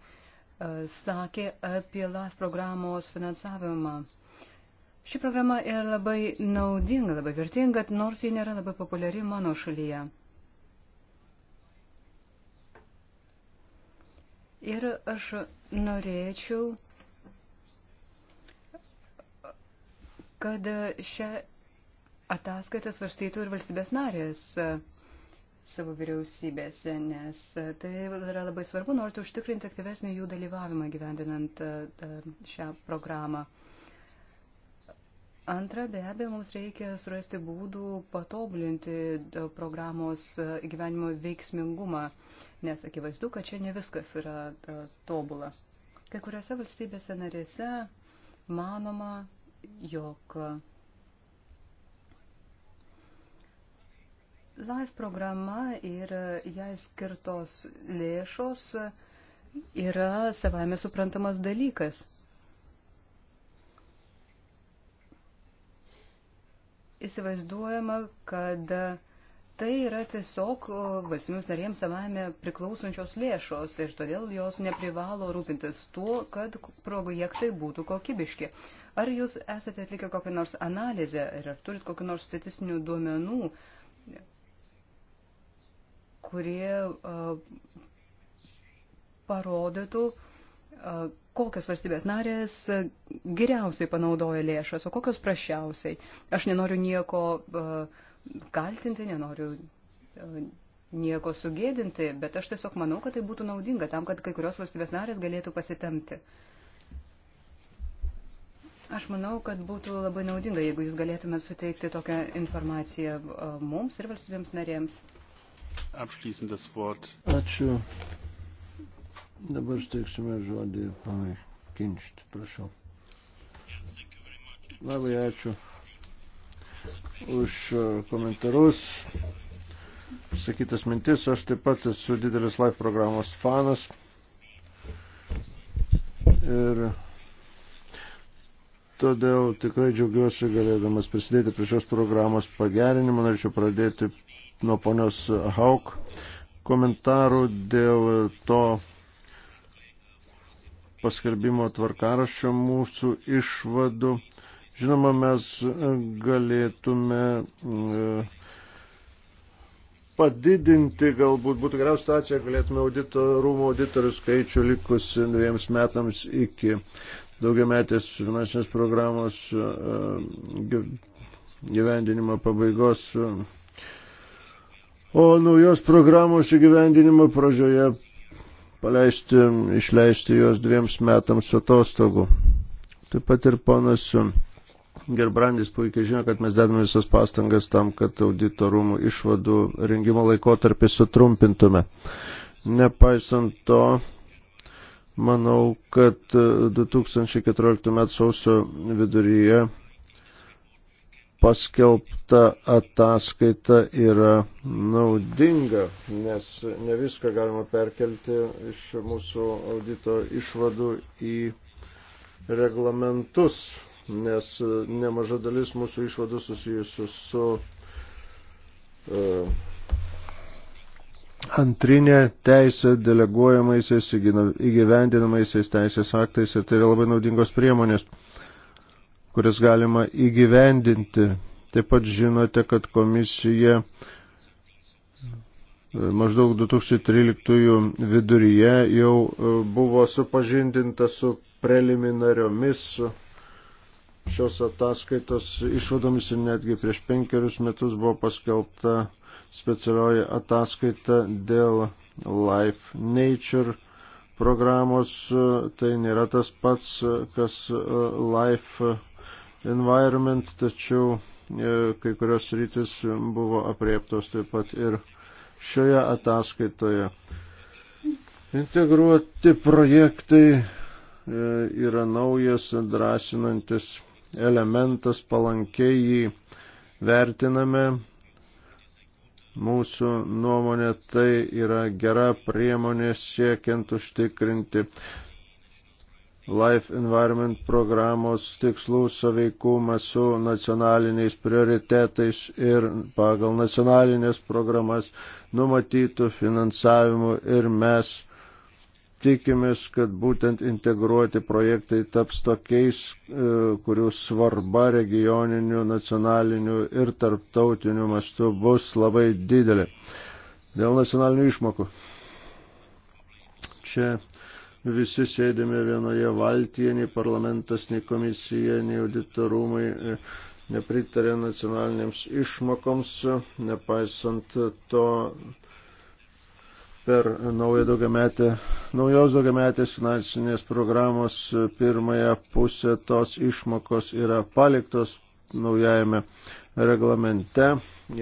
sakė apie LAF programos finansavimą. Ši programa yra labai naudinga, labai vertinga, nors ji nėra labai populiari mano šalyje. Ir aš norėčiau kad šią ataskaitą svarstytų ir valstybės narės e, savo vyriausybėse, nes tai yra labai svarbu, norint užtikrinti aktyvesnį jų dalyvavimą gyvendinant e, e, šią programą. Antra, be abejo, mums reikia surasti būdų patobulinti programos gyvenimo veiksmingumą, nes akivaizdu, kad čia ne viskas yra tobula. Kai kuriuose valstybėse narėse manoma, jog LIFE programa ir jai skirtos lėšos yra savame suprantamas dalykas. Įsivaizduojama, kad Tai yra tiesiog valstybėms narėms savame priklausančios lėšos ir todėl jos neprivalo rūpintis tuo, kad projektai būtų kokybiški. Ar jūs esate atlikę kokią nors analizę ir ar turit kokią nors statistinių duomenų, kurie uh, parodytų, uh, kokios valstybės narės geriausiai panaudoja lėšas, o kokios prašiausiai. Aš nenoriu nieko. Uh, kaltinti, nenoriu e, nieko sugėdinti, bet aš tiesiog manau, kad tai būtų naudinga tam, kad kai kurios valstybės narės galėtų pasitemti. Aš manau, kad būtų labai naudinga, jeigu jūs galėtumėt suteikti tokią informaciją e, mums ir valstybėms narėms. Apšlysintas vort. Ačiū. Dabar steiksime žodį panai Kinšt, prašau. Labai ačiū už komentarus, sakytas mintis. Aš taip pat esu didelis live programos fanas. Ir todėl tikrai džiaugiuosi galėdamas prisidėti prie šios programos pagerinimo. Norėčiau pradėti nuo ponios Hauk komentarų dėl to paskelbimo tvarkaraščio mūsų išvadų. Žinoma, mes e, galėtume e, padidinti, galbūt būtų geriausia stacija, galėtume audito, rūmų auditorių skaičių likus dviems metams iki daugiametės finansinės programos e, gyvendinimo pabaigos. O naujos programos įgyvendinimo pradžioje paleisti, išleisti juos dviems metams atostogų. Taip pat ir ponas Gerbrandis puikiai žino, kad mes dedame visas pastangas tam, kad audito rūmų išvadų rengimo laikotarpį sutrumpintume. Nepaisant to, manau, kad 2014 m. sausio viduryje paskelbta ataskaita yra naudinga, nes ne viską galima perkelti iš mūsų audito išvadų į reglamentus nes e, nemaža dalis mūsų išvadų susijusių su e, antrinė teisė deleguojamaisiais įgyvendinamaisiais teisės aktais ir tai yra labai naudingos priemonės, kurias galima įgyvendinti. Taip pat žinote, kad komisija e, maždaug 2013 viduryje jau buvo supažindinta su preliminariomis su šios ataskaitos išvadomis ir netgi prieš penkerius metus buvo paskelbta specialioji ataskaita dėl Life Nature programos. Tai nėra tas pats, kas e, Life Environment, tačiau e, kai kurios rytis buvo apriektos taip pat ir šioje ataskaitoje. Integruoti projektai e, yra naujas drąsinantis elementas, palankiai jį vertiname. Mūsų nuomonė tai yra gera priemonė siekiant užtikrinti Life Environment programos tikslų saveikumą su nacionaliniais prioritetais ir pagal nacionalinės programas numatytų finansavimu ir mes tikimės, kad būtent integruoti projektai taps tokiais, e, kurių svarba regioniniu, nacionaliniu ir tarptautiniu mastu bus labai didelė. Dėl nacionalinių išmokų. Čia visi sėdėme vienoje valtyje, nei parlamentas, nei komisija, nei auditorumai e, nepritarė nacionaliniams išmokoms, nepaisant to per naują daugiametę, naujos daugiametės finansinės programos pirmąją pusę tos išmokos yra paliktos naujajame reglamente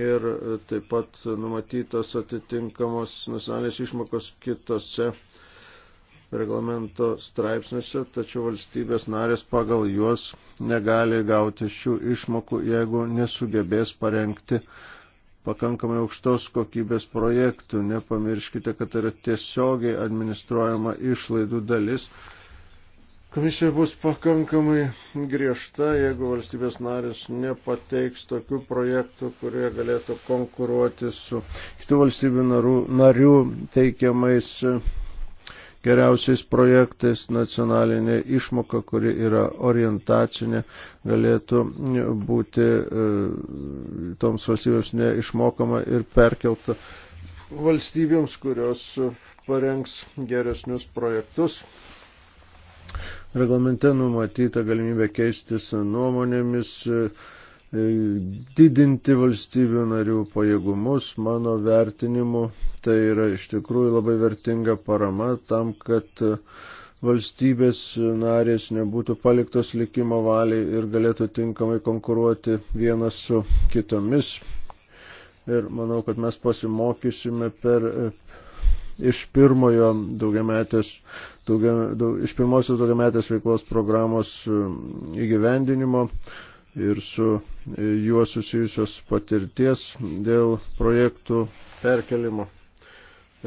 ir taip pat numatytos atitinkamos nacionalinės išmokos kitose reglamento straipsniuose, tačiau valstybės narės pagal juos negali gauti šių išmokų, jeigu nesugebės parengti pakankamai aukštos kokybės projektų. Nepamirškite, kad tai yra tiesiogiai administruojama išlaidų dalis. Komisija bus pakankamai griežta, jeigu valstybės narės nepateiks tokių projektų, kurie galėtų konkuruoti su kitų valstybių narių, narių teikiamais geriausiais projektais nacionalinė išmoka, kuri yra orientacinė, galėtų būti e, toms valstybėms neišmokama ir perkelta valstybėms, kurios parengs geresnius projektus. Reglamente numatyta galimybė keistis nuomonėmis, E, didinti valstybių narių pajėgumus, mano vertinimu, tai yra iš tikrųjų labai vertinga parama tam, kad e, valstybės narės nebūtų paliktos likimo valiai ir galėtų tinkamai konkuruoti vienas su kitomis. Ir manau, kad mes pasimokysime per e, iš pirmojo daugiametės, daugia, daug, iš pirmosios daugiametės veiklos programos įgyvendinimo ir su juos susijusios patirties dėl projektų perkelimo,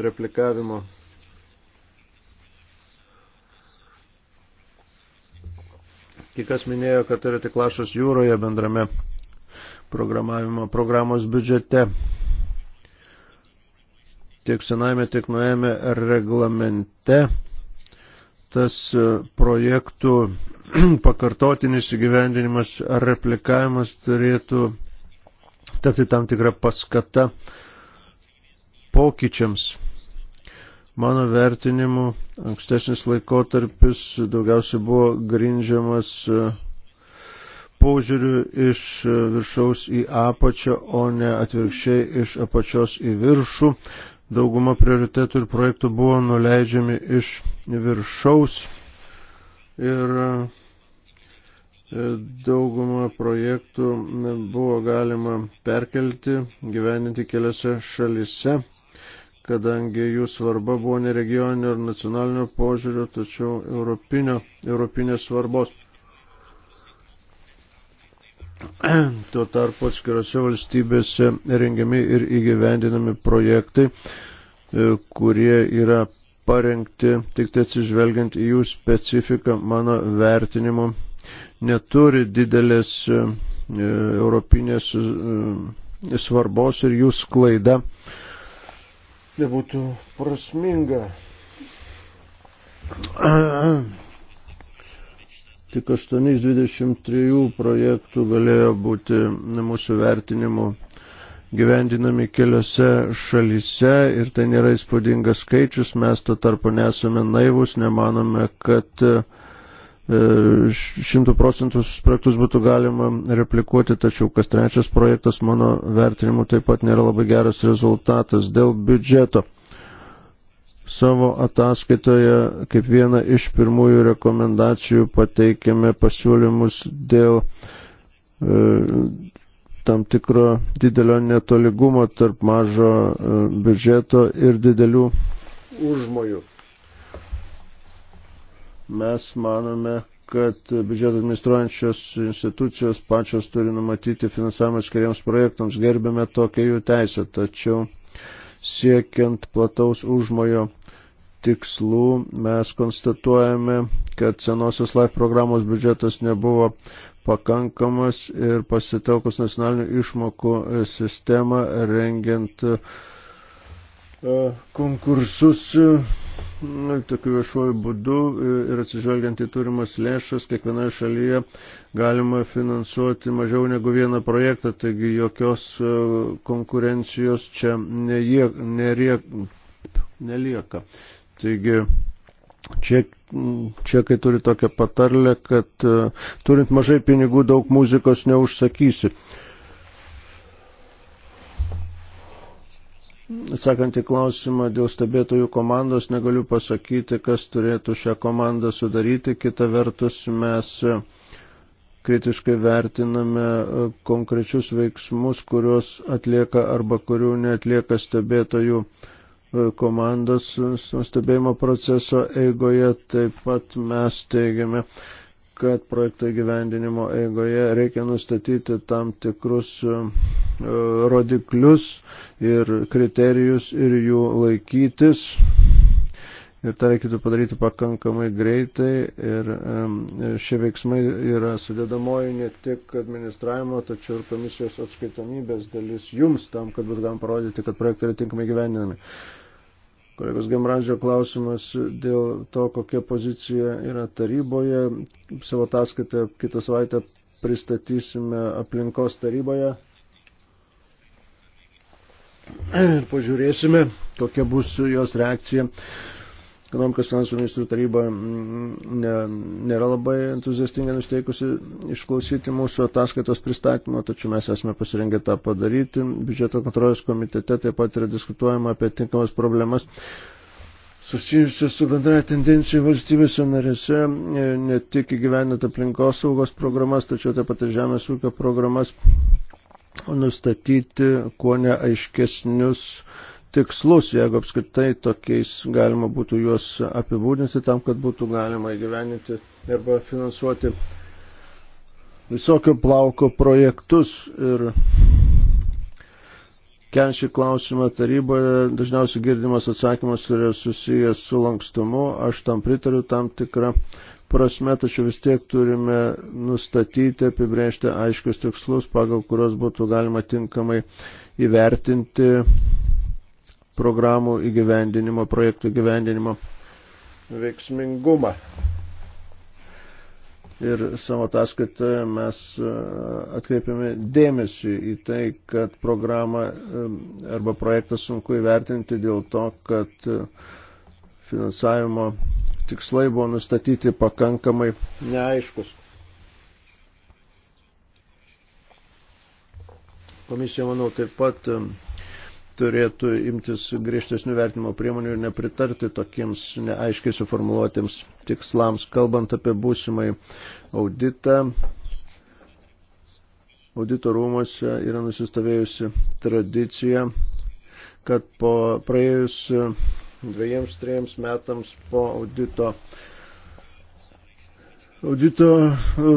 replikavimo. Kikas minėjo, kad tai yra tik lašas jūroje bendrame programavimo programos biudžete. Tiek sename, tiek nuėjame reglamente tas e, projektų pakartotinis įgyvendinimas ar replikavimas turėtų tapti tam tikrą paskatą pokyčiams. Mano vertinimu, ankstesnis laikotarpis daugiausiai buvo grindžiamas e, požiūriu iš e, viršaus į apačią, o ne atvirkščiai iš apačios į viršų. Dauguma prioritetų ir projektų buvo nuleidžiami iš viršaus ir e, daugumą projektų buvo galima perkelti, gyveninti keliose šalise, kadangi jų svarba buvo ne regioninio ir nacionalinio požiūrio, tačiau europinio, europinės svarbos. Tuo tarpu atskirose valstybėse rengiami ir įgyvendinami projektai, e, kurie yra parengti, tik tai atsižvelgiant į jų specifiką, mano vertinimu, neturi didelės e, europinės e, svarbos ir jų sklaida nebūtų prasminga. Tik 8 23 projektų galėjo būti mūsų vertinimu gyvendinami keliose šalyse ir tai nėra įspūdingas skaičius, mes to tarpu nesame naivus, nemanome, kad e, šimtų procentų projektus būtų galima replikuoti, tačiau kas trečias projektas mano vertinimu taip pat nėra labai geras rezultatas dėl biudžeto. Savo ataskaitoje kaip vieną iš pirmųjų rekomendacijų pateikėme pasiūlymus dėl e, tam tikro didelio netoligumo tarp mažo e, biudžeto ir didelių užmojų. Mes manome, kad biudžeto administruojančios institucijos pačios turi numatyti finansavimą skiriams projektams, gerbėme tokią jų teisę, tačiau siekiant plataus užmojo tikslų mes konstatuojame, kad senosios LIFE programos biudžetas nebuvo pakankamas ir pasitelkus nacionalinių išmokų e, sistemą rengiant e, e, konkursus nu, tokiu viešuoju būdu ir atsižvelgiant į turimas lėšas, kiekvienoje šalyje galima finansuoti mažiau negu vieną projektą, taigi jokios konkurencijos čia nelie, nerie, nelieka. Taigi čia čekai turi tokią patarlę, kad e, turint mažai pinigų daug muzikos neužsakysi. Atsakant į klausimą dėl stebėtojų komandos, negaliu pasakyti, kas turėtų šią komandą sudaryti. Kita vertus, mes e, kritiškai vertiname e, konkrečius veiksmus, kuriuos atlieka arba kurių neatlieka stebėtojų komandos komandos stebėjimo proceso eigoje. Taip pat mes teigiame, kad projekto gyvendinimo eigoje reikia nustatyti tam tikrus e, rodiklius ir kriterijus ir jų laikytis. Ir tą reikėtų padaryti pakankamai greitai ir e, šie veiksmai yra sudėdamoji ne tik administravimo, tačiau ir komisijos atskaitomybės dalis jums tam, kad būtų galima parodyti, kad projektai yra tinkamai gyveninami. Kolegos Gemrandžio klausimas dėl to, kokia pozicija yra taryboje. Savo ataskaitą kitą savaitę pristatysime aplinkos taryboje. Ir pažiūrėsime, kokia bus jos reakcija ekonomikos finansų ministrų taryba mm, ne, nėra labai entuziastingai nusteikusi išklausyti mūsų ataskaitos pristatymo, tačiau mes esame pasirengę tą padaryti. Biudžeto kontrolės komitete taip pat yra diskutuojama apie tinkamas problemas susijusios su bendrai tendencija valstybėse narėse, e, ne tik įgyvenant aplinkos saugos programas, tačiau taip pat ir žemės ūkio programas nustatyti kuo neaiškesnius uh, tikslus, jeigu apskritai tokiais galima būtų juos apibūdinti tam, kad būtų galima įgyveninti arba finansuoti visokio plauko projektus. Ir keliant šį klausimą taryboje dažniausiai girdimas atsakymas yra susijęs su lankstumu, aš tam pritariu tam tikrą prasme, tačiau vis tiek turime nustatyti, apibrėžti aiškius tikslus, pagal kurios būtų galima tinkamai įvertinti programų įgyvendinimo, projektų įgyvendinimo veiksmingumą. Ir savo ataskaitoje mes e, atkreipiame dėmesį į tai, kad programą e, arba projektą sunku įvertinti dėl to, kad e, finansavimo tikslai buvo nustatyti pakankamai neaiškus. Komisija, manau, taip pat turėtų imtis griežtesnių vertinimo priemonių ir nepritarti tokiems neaiškiai suformuoluotiems tikslams. Kalbant apie būsimai auditą, audito rūmose yra nusistovėjusi tradicija, kad po praėjus dviejams, trejams metams po audito, audito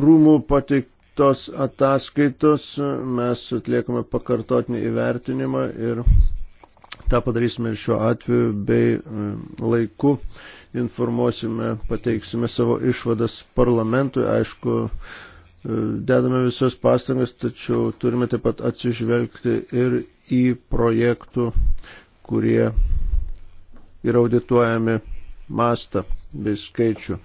rūmų pateiktų tos ataskaitos mes atliekame pakartotinį įvertinimą ir tą padarysime ir šiuo atveju, bei e, laiku informuosime, pateiksime savo išvadas parlamentui, aišku, e, dedame visas pastangas, tačiau turime taip pat atsižvelgti ir į projektų, kurie yra audituojami mastą bei skaičių.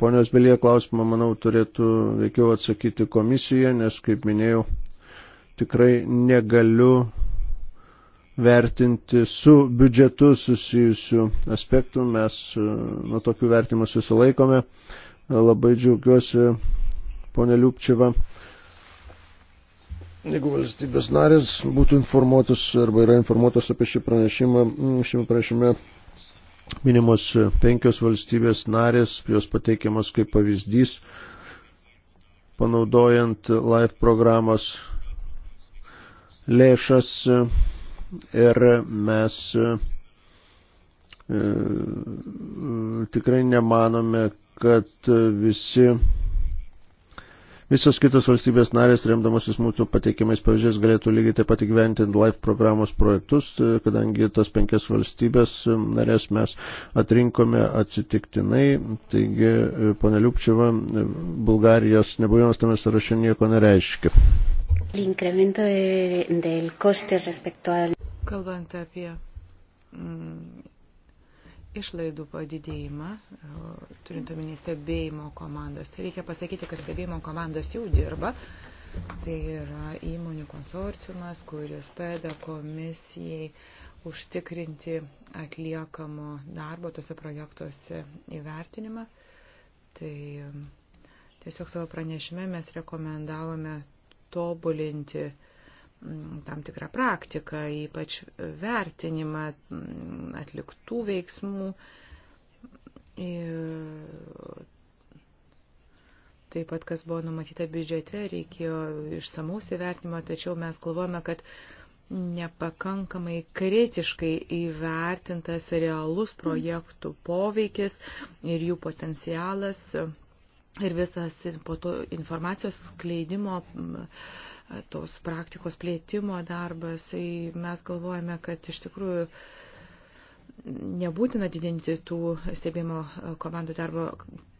Ponios Belėje klausimą, manau, turėtų veikiau atsakyti komisija, nes, kaip minėjau, tikrai negaliu vertinti su biudžetu susijusių aspektų. Mes e, nuo tokių vertimų susilaikome. E, labai džiaugiuosi, ponė Liupčiava, Jeigu valstybės narės būtų informuotos arba yra informuotos apie šį pranešimą, šiame pranešime minimos e, penkios valstybės narės, jos pateikiamos kaip pavyzdys, panaudojant live programos lėšas e, ir mes e, tikrai nemanome, kad visi Visos kitos valstybės narės, remdamasis mūsų pateikimais pavyzdžiais, galėtų lygiai taip pat įgyventi LIFE programos projektus, e, kadangi tas penkias valstybės e, narės mes atrinkome atsitiktinai. Taigi, e, ponė Liupčiava, Bulgarijos nebuvimas tame sąraše nieko nereiškia. Kalbant apie mm, išlaidų padidėjimą, e, turint omeny stebėjimo komandos. Reikia pasakyti, kad stebėjimo komandos jau dirba. Tai yra įmonių konsorciumas, kuris pėda komisijai užtikrinti atliekamo darbo tose projektuose įvertinimą. Tai e, tiesiog savo pranešime mes rekomendavome tobulinti uh, tam tikrą praktiką, ypač vertinimą atliktų veiksmų. Ir taip pat, kas buvo numatyta biudžete, reikėjo išsamaus įvertimo, tačiau mes galvojame, kad nepakankamai kritiškai įvertintas realus projektų poveikis ir jų potencialas ir visas po to informacijos skleidimo tos praktikos plėtimo darbas. Tai mes galvojame, kad iš tikrųjų nebūtina didinti tų stebimo e, komandų darbo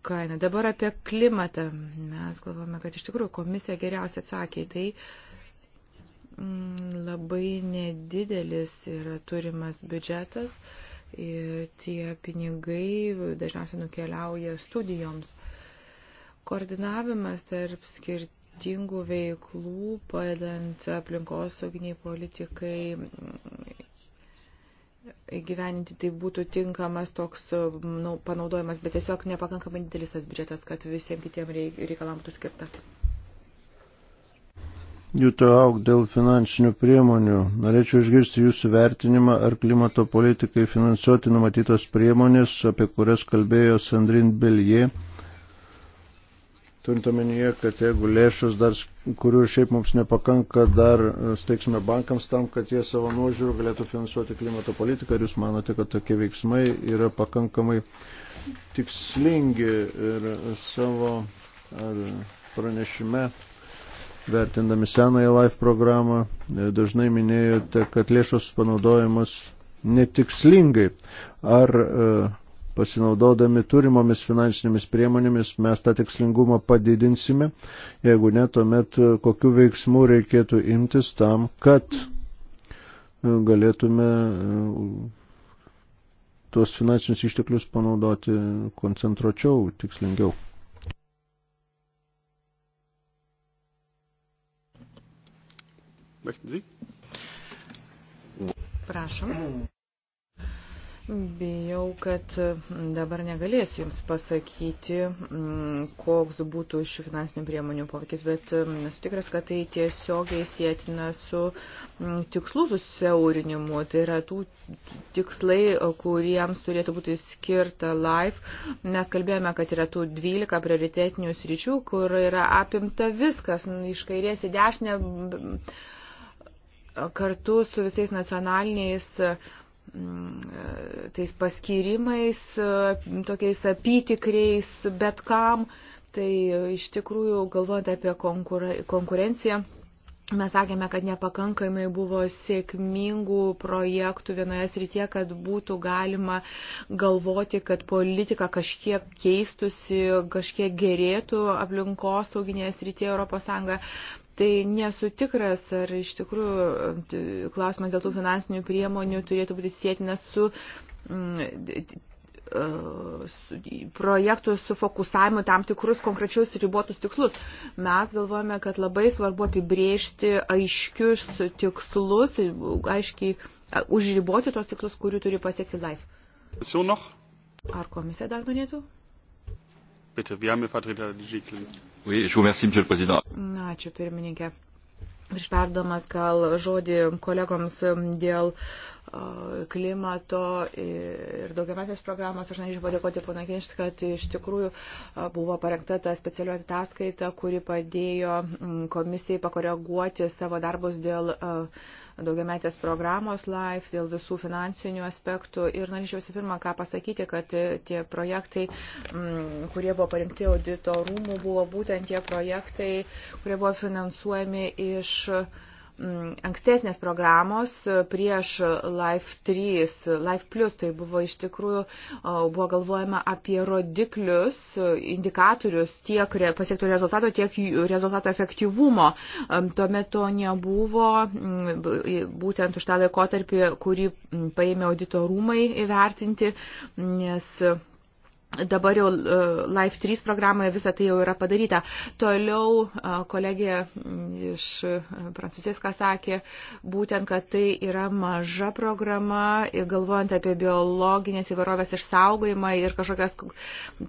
kainą. Dabar apie klimatą. Mes galvojame, kad iš tikrųjų komisija geriausiai atsakė į tai. Mm, labai nedidelis yra turimas biudžetas ir tie pinigai dažniausiai nukeliauja studijoms. Uh, Koordinavimas tarp skirtingų veiklų, padedant aplinkosauginiai politikai mm, įgyveninti, tai būtų tinkamas toks nu, panaudojimas, bet tiesiog nepakankamai didelis tas biudžetas, kad visiems kitiems reikalam būtų skirta. Jūto auk dėl finansinių priemonių. Norėčiau išgirsti jūsų vertinimą, ar klimato politikai finansuoti numatytos priemonės, apie kurias kalbėjo Sandrin Belie, turint omenyje, kad jeigu lėšus, dar, kurių šiaip mums nepakanka, dar e, steiksime bankams tam, kad jie savo nuožiūrų galėtų finansuoti klimato politiką, ar jūs manote, kad tokie veiksmai yra pakankamai tikslingi ir savo ar pranešime vertindami senąją LIFE programą, e, dažnai minėjote, kad lėšos panaudojamos netikslingai. Ar uh, Pasinaudodami turimomis finansinėmis priemonėmis mes tą tikslingumą padidinsime, jeigu ne, tuomet e, kokiu veiksmu reikėtų imtis tam, kad e, galėtume e, tuos finansinius išteklius panaudoti koncentruočiau, tikslingiau. Möchten Sie? Prašom. Bijau, kad mm, dabar negalėsiu Jums pasakyti, mm, koks būtų šių finansinių priemonių poveikis, bet mm, esu tikras, kad tai tiesiogiai sėtina su tikslų susiaurinimu. Tai yra tų tikslai, kuriems turėtų būti skirta life. Mes kalbėjome, kad yra tų 12 prioritetinių sričių, kur yra apimta viskas, nu, iš kairės į dešinę, kartu su visais nacionaliniais Mm, tais paskirimais, tokiais apytikriais, bet kam. Tai iš tikrųjų, galvojant apie konkurenciją, mes sakėme, kad nepakankamai buvo sėkmingų projektų vienoje srityje, kad būtų galima galvoti, kad politika kažkiek keistusi, kažkiek gerėtų aplinkos sauginėje srityje Europos Sąjunga. Tai nesu tikras, ar iš tikrųjų klausimas dėl tų finansinių priemonių turėtų būti sėtinas mm, su projektų sufokusavimu tam tikrus konkrečius ribotus tikslus. Mes galvojame, kad labai svarbu apibriežti aiškius tikslus, aiškiai užriboti tos tikslus, kurių turi pasiekti laif. Ar komisija dar norėtų? Bitte, wir haben hier Vertreter DG Clint. Oui, je vous remercie, monsieur le président. Ačiū, pirmininkė. Prieš perdamas gal žodį kolegoms dėl klimato ir daugiametės programos. Aš norėčiau padėkoti panakinšt, kad iš tikrųjų buvo parengta ta specialioji ataskaita, kuri padėjo komisijai pakoreguoti savo darbus dėl daugiametės programos LIFE, dėl visų finansinių aspektų. Ir norėčiau visų pirma, ką pasakyti, kad tie projektai, kurie buvo parinkti audito rūmų, buvo būtent tie projektai, kurie buvo finansuojami iš uh, Mm, ankstesnės programos prieš Life 3, Life Plus, tai buvo iš tikrųjų, buvo galvojama apie rodiklius, indikatorius tiek pasiektų rezultato, tiek rezultato efektyvumo. Tuomet to nebuvo, mm, būtent už tą laikotarpį, kurį mm, paėmė auditorumai įvertinti, nes Dabar jau e, Life 3 programoje visą tai jau yra padaryta. Toliau e, kolegė mm, iš e, Prancūzijos, ką sakė, būtent, kad tai yra maža programa, galvojant apie biologinės įvairovės išsaugojimą ir kažkokias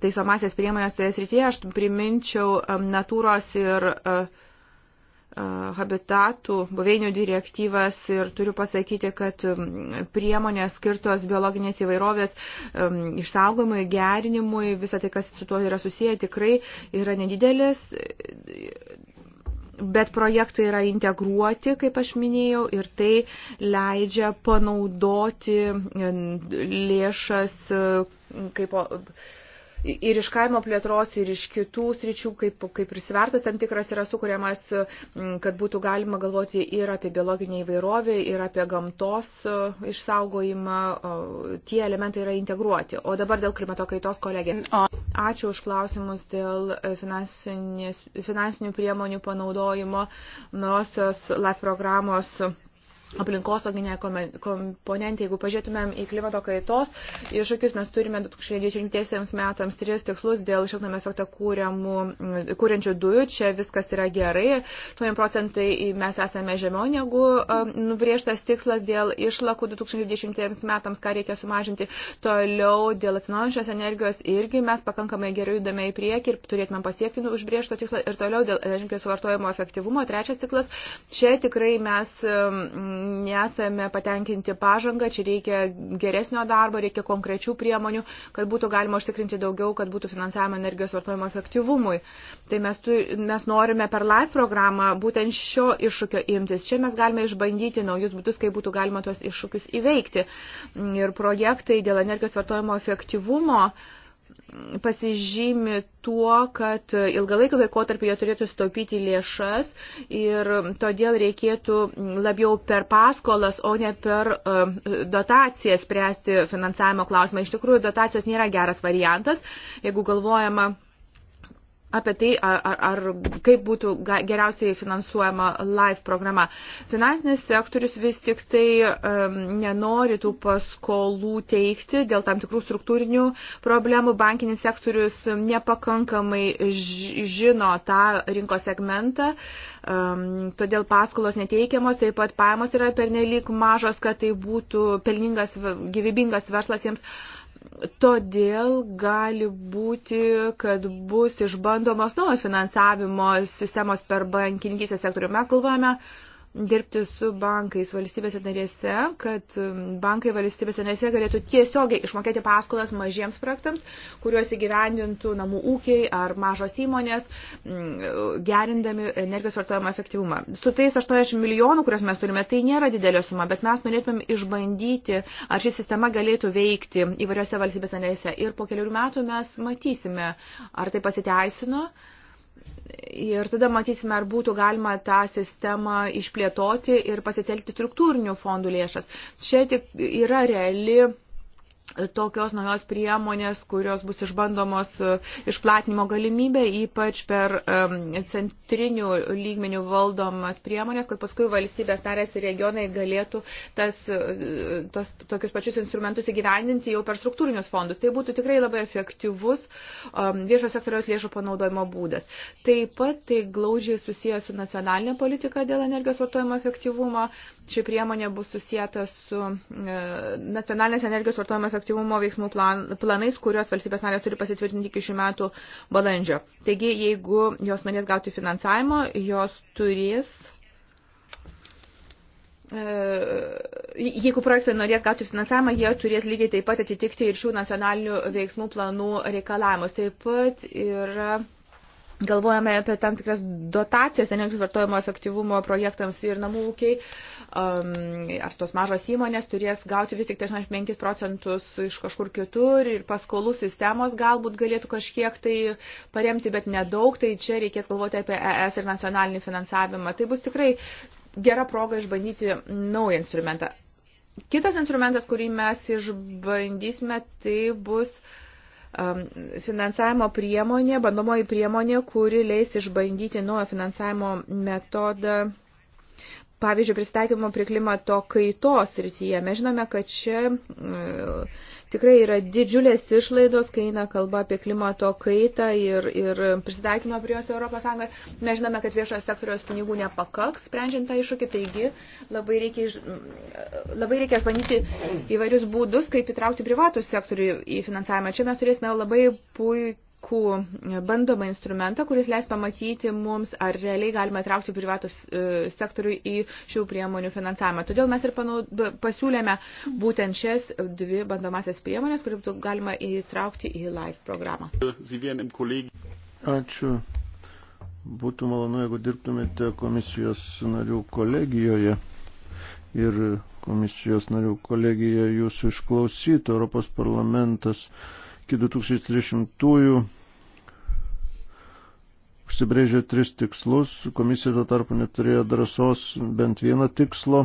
taisomasias priemonės toje srityje, aš priminčiau natūros ir uh, habitatų buveinių direktyvas ir turiu pasakyti, kad priemonės skirtos biologinės įvairovės išsaugojimui, gerinimui, visą tai, kas su tuo yra susiję, tikrai yra nedidelis bet projektai yra integruoti, kaip aš minėjau, ir tai leidžia panaudoti lėšas kaip ir iš kaimo plėtros, ir iš kitų sričių, kaip, kaip ir svertas tam tikras yra sukūriamas, kad būtų galima galvoti ir apie biologinį įvairovį, ir apie gamtos e, išsaugojimą. Tie elementai yra integruoti. O dabar dėl klimato kaitos kolegė. Ačiū už klausimus dėl e, finansinių priemonių panaudojimo naujosios LAT programos aplinkosauginė komponentė. Jeigu pažiūrėtumėm į klimato kaitos iššūkius, mes turime 2020 metams tris tikslus dėl šiltnamio efektą kūrenčių dujų. Čia viskas yra gerai. 8 procentai mes esame žemiau negu nubrėžtas tikslas dėl išlakų 2020 metams, ką reikia sumažinti. Toliau dėl atsinaujančios energijos irgi mes pakankamai gerai judame į priekį ir turėtume pasiekti nu, užbrėžto tikslo. Ir toliau dėl energijos suvartojimo efektyvumo. Trečias tikslas. Čia tikrai mes nesame patenkinti pažangą, čia reikia geresnio darbo, reikia konkrečių priemonių, kad būtų galima užtikrinti daugiau, kad būtų finansavimo energijos vartojimo efektyvumui. Tai mes, tu, mes norime per LIFE programą būtent šio iššūkio imtis. Čia mes galime išbandyti naujus būdus, kaip būtų galima tuos iššūkius įveikti. Ir projektai dėl energijos vartojimo efektyvumo uh, pasižymi tuo, kad ilgalaikio laikotarpio jie turėtų staupyti lėšas ir todėl reikėtų labiau per paskolas, o ne per um, dotacijas spręsti finansavimo klausimą. Iš tikrųjų, dotacijos nėra geras variantas, jeigu galvojama apie tai, ar, ar kaip būtų geriausiai finansuojama LIFE programa. Finansinis sektorius vis tik tai um, nenori tų paskolų teikti dėl tam tikrų struktūrinių problemų. Bankinis sektorius nepakankamai žino tą rinkos segmentą, um, todėl paskolos neteikiamos, taip pat pajamos yra pernelyg mažos, kad tai būtų pelningas gyvybingas verslas jiems. Todėl gali būti, kad bus išbandomos naujos finansavimo sistemos per bankininkystės sektorių. Mes galvojame, uh, dirbti su bankais valstybėse narėse, kad bankai valstybėse narėse galėtų tiesiogiai išmokėti paskolas mažiems projektams, kuriuos įgyvendintų namų ūkiai ar mažos įmonės, mm, gerindami energijos vartojimo efektyvumą. Su tais 80 milijonų, kuriuos mes turime, tai nėra didelė suma, bet mes norėtumėm išbandyti, ar ši sistema galėtų veikti įvairiose valstybėse narėse. Ir po kelių metų mes matysime, ar tai pasiteisino. Ir tada matysime, ar būtų galima tą sistemą išplėtoti ir pasitelkti struktūrinių fondų lėšas. Čia tik yra reali tokios naujos priemonės, kurios bus išbandomos e, išplatinimo galimybė, ypač per centrinių lygmenių valdomas priemonės, kad paskui valstybės narės ir regionai galėtų tas, e, tas, tokius pačius instrumentus įgyvendinti jau per struktūrinius fondus. Tai būtų tikrai labai efektyvus viešo sektoriaus lėšų panaudojimo būdas. Taip pat tai glaudžiai susijęs su nacionalinė politika dėl energijos vartojimo efektyvumo. Ši priemonė bus susijęta su e, nacionalinės energijos vartojimo efektyvumo veiksmų plan, planais, kuriuos valstybės narės turi pasitvirtinti iki šių metų balandžio. Taigi, jeigu jos norės gauti finansavimo, jos turės e, jeigu projektai norės gauti finansavimą, jie turės lygiai taip pat atitikti ir šių nacionalinių veiksmų planų reikalavimus. Taip pat yra galvojame apie tam tikras dotacijas energijos vartojimo efektyvumo projektams ir namų ūkiai, um, ar tos mažos įmonės turės gauti vis tik 85 procentus iš kažkur kitur ir paskolų sistemos galbūt galėtų kažkiek tai paremti, bet nedaug, tai čia reikės galvoti apie ES ir nacionalinį finansavimą. Tai bus tikrai gera proga išbandyti naują instrumentą. Kitas instrumentas, kurį mes išbandysime, tai bus uh, Um, finansavimo priemonė, bandomoji priemonė, kuri leis išbandyti naują finansavimo metodą pavyzdžiui, pristaikymo prie klimato kaitos rytyje. Mes žinome, kad čia uh, Tikrai yra didžiulės išlaidos, kai eina kalba apie klimato kaitą ir, ir prisitaikymą prie jos Europos Sąjungoje. Mes žinome, kad viešojo sektoriaus pinigų nepakaks, sprendžiant tą iššūkį, taigi labai reikia, labai reikia išbandyti įvairius būdus, kaip įtraukti privatų sektorių į finansavimą. Čia mes turėsime labai puikų puikų bandomą instrumentą, kuris leis pamatyti mums, ar realiai galima traukti privatų e, sektorių į šių priemonių finansavimą. Todėl mes ir panaud... pasiūlėme būtent šias dvi bandomasias priemonės, kurių būtų galima įtraukti į live programą. Ačiū. Būtų malonu, jeigu dirbtumėte komisijos narių kolegijoje ir komisijos narių kolegija jūsų išklausytų Europos parlamentas iki 2030-ųjų užsibrėžė tris tikslus. Komisija tuo tarpu neturėjo drąsos bent vieną tikslo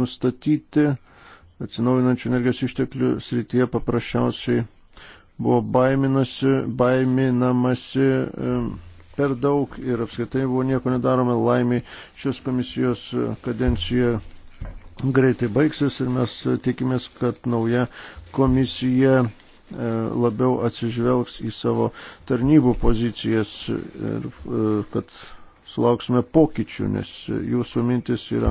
nustatyti. Atsinaujinančių energijos išteklių srityje paprasčiausiai buvo baiminasi, baiminamasi per daug ir apskaitai buvo nieko nedaroma laimiai šios komisijos kadencija greitai baigsis ir mes tikimės, kad nauja komisija E, labiau atsižvelgs į savo tarnybų pozicijas ir e, kad sulauksime pokyčių, nes jūsų mintis yra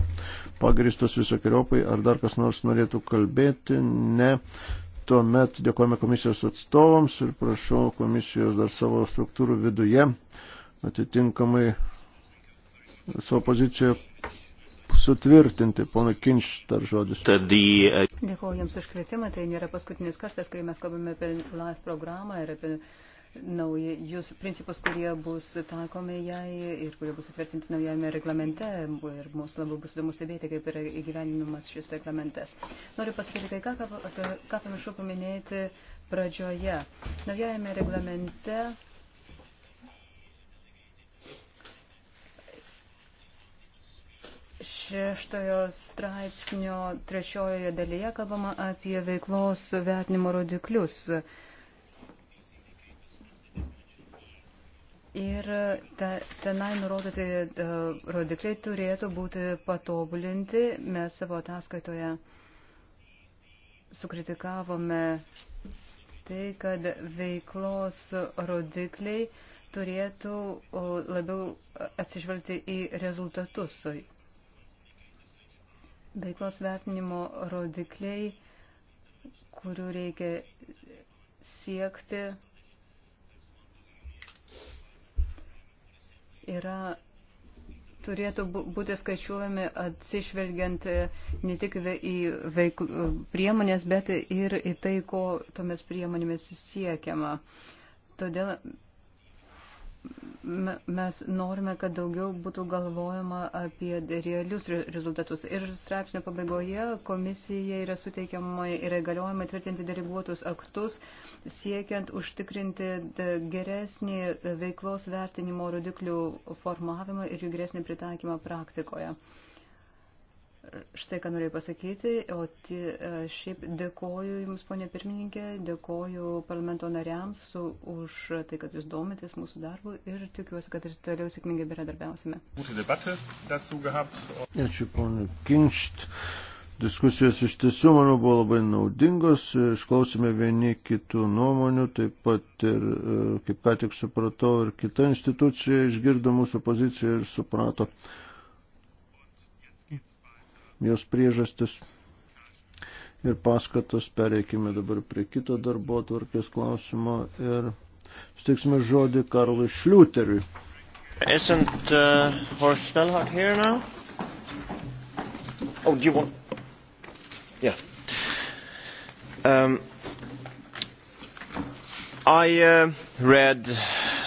pagristos visokiojopai. Ar dar kas nors norėtų kalbėti? Ne. Tuomet dėkojame komisijos atstovams ir prašau komisijos dar savo struktūrų viduje atitinkamai savo poziciją sutvirtinti. Pana Kinš, dar žodis. Uh, Dėkuoju Jums už kvietimą. Tai nėra paskutinis kartas, kai mes kalbame apie LIFE programą ir apie nauji, jūs principus, kurie bus taikomi jai ir kurie bus atvertinti naujame reglamente ir mums labai bus įdomu stebėti, kaip yra įgyveninamas šis reglamentas. Noriu pasakyti kai ką, ką, ką pamiršau paminėti pradžioje. Naujajame reglamente šeštojo straipsnio trečiojoje dalyje kalbama apie veiklos vertinimo rodiklius. Ir ta, tenai nurodyti e, rodikliai turėtų būti patobulinti. Mes savo ataskaitoje sukritikavome tai, kad veiklos rodikliai turėtų labiau atsižvelgti į rezultatus veiklos vertinimo rodikliai, kurių reikia siekti, yra, turėtų būti skaičiuojami atsižvelgiant ne tik į veikl, priemonės, bet ir į tai, ko tomis priemonėmis siekiama. Todėl mes norime, kad daugiau būtų galvojama apie realius rezultatus. Ir straipsnio pabaigoje komisija yra suteikiama ir įgaliojama tvirtinti deleguotus aktus, siekiant užtikrinti geresnį veiklos vertinimo rodiklių formavimą ir jų geresnį pritaikymą praktikoje. Štai ką norėjau pasakyti, o ti, e, šiaip dėkoju Jums, ponė pirmininkė, dėkoju parlamento nariams už tai, kad Jūs domitės mūsų darbu ir tikiuosi, kad ir toliau sėkmingai bendradarbiausime. Ačiū, ponė Kinšt. Diskusijos iš tiesų, manau, buvo labai naudingos, išklausėme vieni kitų nuomonių, taip pat ir, e, kaip ką tik supratau, ir kita institucija išgirdo mūsų poziciją ir suprato jos priežastis ir paskatas. Pereikime dabar prie kito darbo tvarkės klausimo ir stiksime žodį Karlui Šliuteriui. Isn't uh, Horst Schnellhardt here now? Oh, do you want? Yeah. Um, I uh, read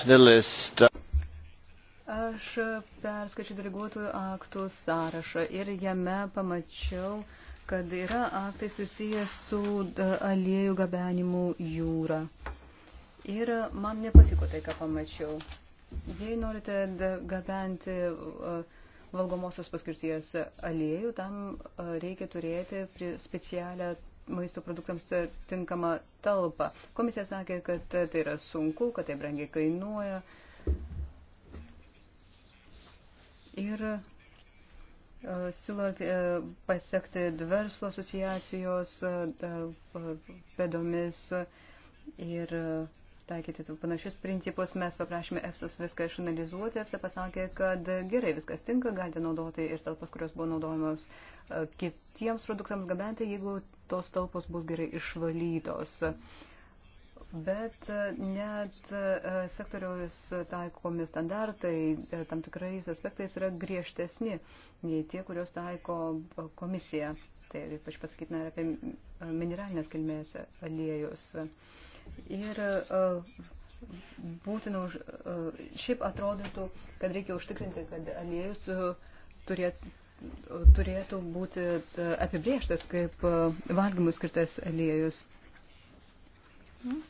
the list aš perskačiau deleguotų aktų sąrašą ir jame pamačiau, kad yra aktai susijęs su e, aliejų gabenimu jūra. Ir man nepatiko tai, ką pamačiau. Jei norite gabenti e, valgomosios paskirties aliejų, tam e, reikia turėti specialią maisto produktams tinkamą talpą. Komisija sakė, kad tai yra sunku, kad tai brangiai kainuoja ir e, siūlo e, pasiekti verslo asociacijos e, pėdomis ir taikyti panašius principus. Mes paprašėme EFSOS viską išanalizuoti. EFSA pasakė, kad gerai viskas tinka, galite naudoti ir talpas, kurios buvo naudojamos kitiems produktams gabenti, jeigu tos talpos bus gerai išvalytos. Uh, Bet e, net e, sektoriaus taikomi standartai e, tam tikrais aspektais yra griežtesni nei tie, kuriuos taiko komisija. Tai ypač pasakytina apie mineralinės kilmės aliejus. Ir būtina už, šiaip atrodytų, kad reikia užtikrinti, kad aliejus turėtų turėtų būti apibrėžtas kaip valgymui skirtas aliejus. Mm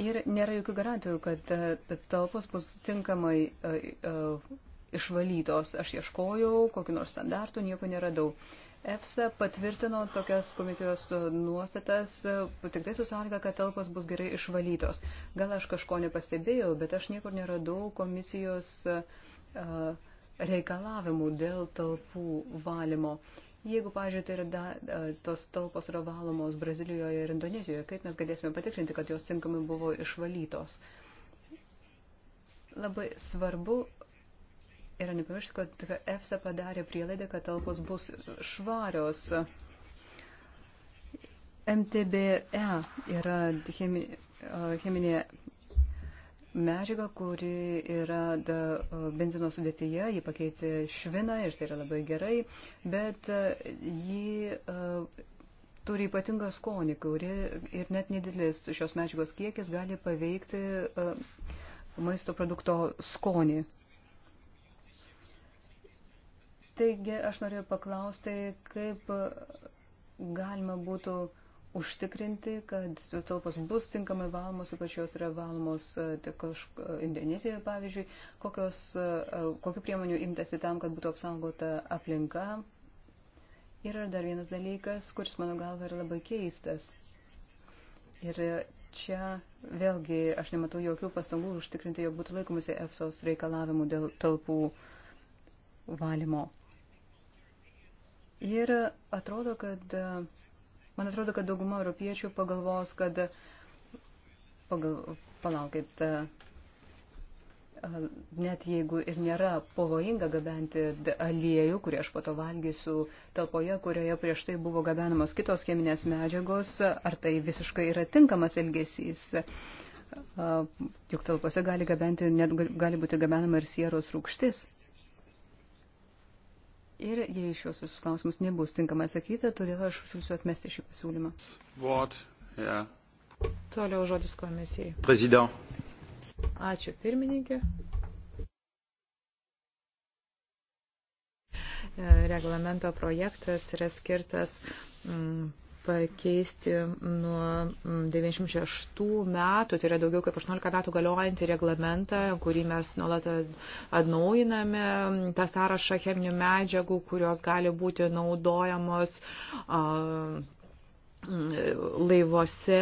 ir nėra jokių garantijų, kad e, talpos bus tinkamai e, e, išvalytos. Aš ieškojau kokiu nors standartu, nieko neradau. EFSA patvirtino tokias komisijos nuostatas, tik tai su sąlyga, kad talpos bus gerai išvalytos. Gal aš kažko nepastebėjau, bet aš niekur neradau komisijos reikalavimų dėl talpų valymo. Jeigu, pažiūrėjau, tai yra da, tos talpos yra valomos Brazilijoje ir Indonezijoje, kaip mes galėsime patikrinti, kad jos tinkamai buvo išvalytos? Labai svarbu yra nepamiršti, kad EFSA padarė prielaidą, kad talpos bus švarios. MTBE yra chemi, cheminė medžiagą, kuri yra da, benzino sudėtyje, jį pakeitė šviną ir tai yra labai gerai, bet e, jį uh, e, turi ypatingą skonį, kuri ir net nedidelis šios medžiagos kiekis gali paveikti uh, maisto produkto skonį. Taigi aš noriu paklausti, kaip galima būtų uh, užtikrinti, kad talpos bus tinkamai valomos, ypač jos yra valomos e, tai e, Indonezijoje, pavyzdžiui, kokios, e, kokiu priemonių imtasi tam, kad būtų apsaugota aplinka. Ir dar vienas dalykas, kuris mano galva yra labai keistas. Ir čia vėlgi aš nematau jokių pastangų užtikrinti, jog būtų laikomasi EFSOS reikalavimų dėl talpų valymo. Ir atrodo, kad uh, Man atrodo, kad dauguma europiečių pagalvos, kad pagal, palaukit, e, net jeigu ir nėra pavojinga gabenti aliejų, kurį aš po to valgysiu talpoje, kurioje prieš tai buvo gabenamos kitos cheminės medžiagos, ar tai visiškai yra tinkamas elgesys. E, juk talpose gali, gabenti, net gali būti gabenama ir sieros rūkštis. Ir jei iš jos visus klausimus nebus tinkamai atsakyta, todėl aš siūsiu atmesti šį pasiūlymą. What? Yeah. Toliau žodis komisijai. Prezident. Ačiū pirmininkė. E, reglamento projektas yra skirtas mm, pakeisti nuo 96 mm, metų, tai yra daugiau kaip 18 metų galiojantį reglamentą, kurį mes nuolat atnaujiname, tą sąrašą cheminių medžiagų, kurios gali būti naudojamos mm, laivuose,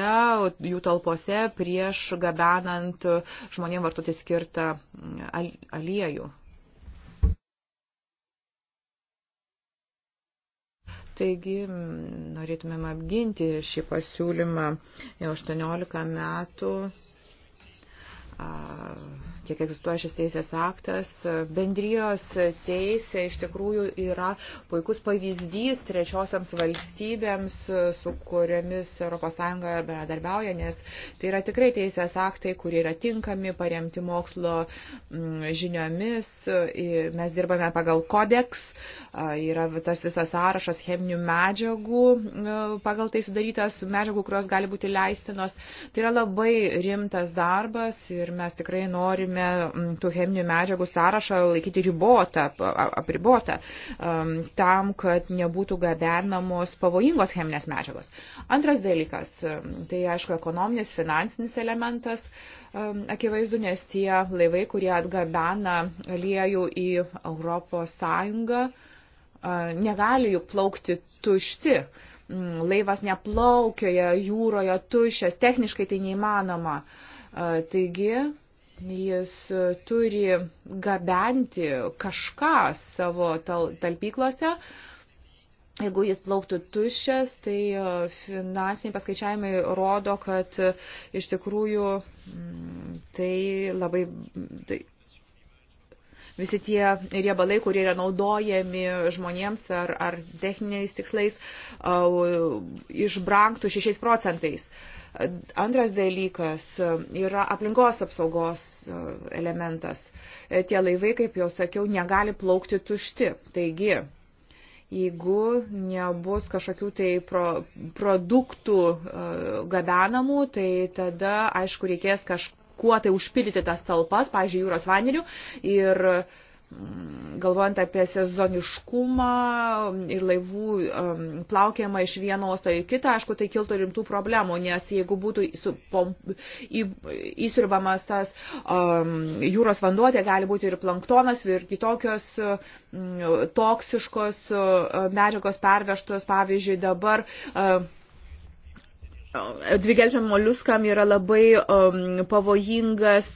jų talpose prieš gabenant žmonėm vartoti skirtą aliejų. Taigi norėtumėm apginti šį pasiūlymą 18 metų tiek egzistuoja šis teisės aktas. Bendrijos teisė iš tikrųjų yra puikus pavyzdys trečiosiams valstybėms, su kuriomis ES bendradarbiauja, nes tai yra tikrai teisės aktai, kurie yra tinkami, paremti mokslo mm, žiniomis. Mes dirbame pagal kodeks, yra tas visas sąrašas cheminių medžiagų, pagal tai sudarytas medžiagų, kurios gali būti leistinos. Tai yra labai rimtas darbas ir ir mes tikrai norime mm, tų cheminių medžiagų sąrašą laikyti ribotą, apribotą, um, tam, kad nebūtų gabenamos pavojingos cheminės medžiagos. Antras dalykas, um, tai aišku, ekonominis, finansinis elementas, um, akivaizdu, nes tie laivai, kurie atgabena aliejų į Europos Sąjungą, negali juk plaukti tušti mm, laivas neplaukioja jūroje tušęs, techniškai tai neįmanoma. Uh, Taigi jis e, turi gabenti kažką savo talpyklose. Jeigu jis plauktų tuščias, tai e, finansiniai paskaičiavimai rodo, kad e, iš tikrųjų mm, tai labai. Tai Visi tie riebalai, kurie yra naudojami žmonėms ar, ar techniniais tikslais, išbranktų 6 procentais. Uh, Antras dalykas yra aplinkos apsaugos e, elementas. E, tie laivai, kaip jau sakiau, negali plaukti tušti. Taigi, jeigu nebus kažkokių tai pro, produktų e, gabenamų, tai tada, aišku, reikės kažkuo tai užpildyti tas talpas, pažiūrėjau, jūros vandeniu. Ir uh, galvojant apie sezoniškumą ir laivų um, plaukiamą iš vieno uosto į kitą, aišku, tai kiltų rimtų problemų, nes jeigu būtų įsirbamas tas um, jūros vanduo, tai gali būti ir planktonas, ir kitokios um, toksiškos uh, medžiagos pervežtos, pavyzdžiui, dabar um, dvigeldžiam moliuskam yra labai um, pavojingas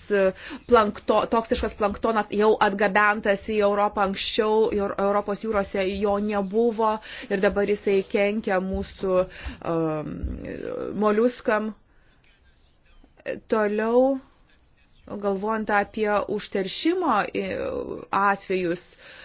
plankto, toksiškas planktonas, jau atgabentas į Europą anksčiau, Europos jūrose jo nebuvo ir dabar jisai kenkia mūsų um, moliuskam. Toliau, galvojant apie užteršimo atvejus, uh,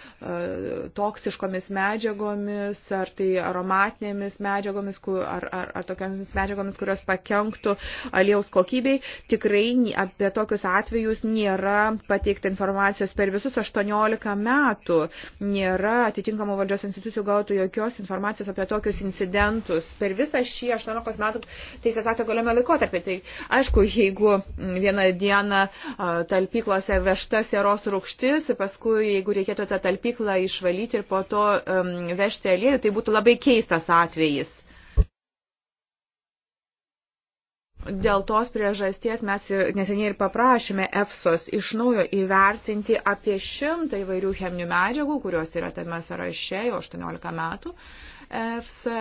toksiškomis medžiagomis, ar tai aromatinėmis medžiagomis, ar, ar, ar tokiamis medžiagomis, kurios pakenktų aliejaus kokybei. Tikrai apie tokius atvejus nėra pateikta informacijos per visus 18 metų. Nėra atitinkamų valdžios institucijų gautų jokios informacijos apie tokius incidentus per visą šį 18 metų teisės akto galiojimo laikotarpį. Tai aišku, jeigu vieną dieną talpyklose vežta seros rūkštis, paskui jeigu reikėtų tą talpyklą, skalbyklą išvalyti ir po to um, vežti aliejų, tai būtų labai keistas atvejis. Dėl tos priežasties mes ir neseniai ir paprašėme EFSOS iš naujo įvertinti apie šimtą įvairių cheminių medžiagų, kurios yra tame sąraše jau 18 metų. EFSA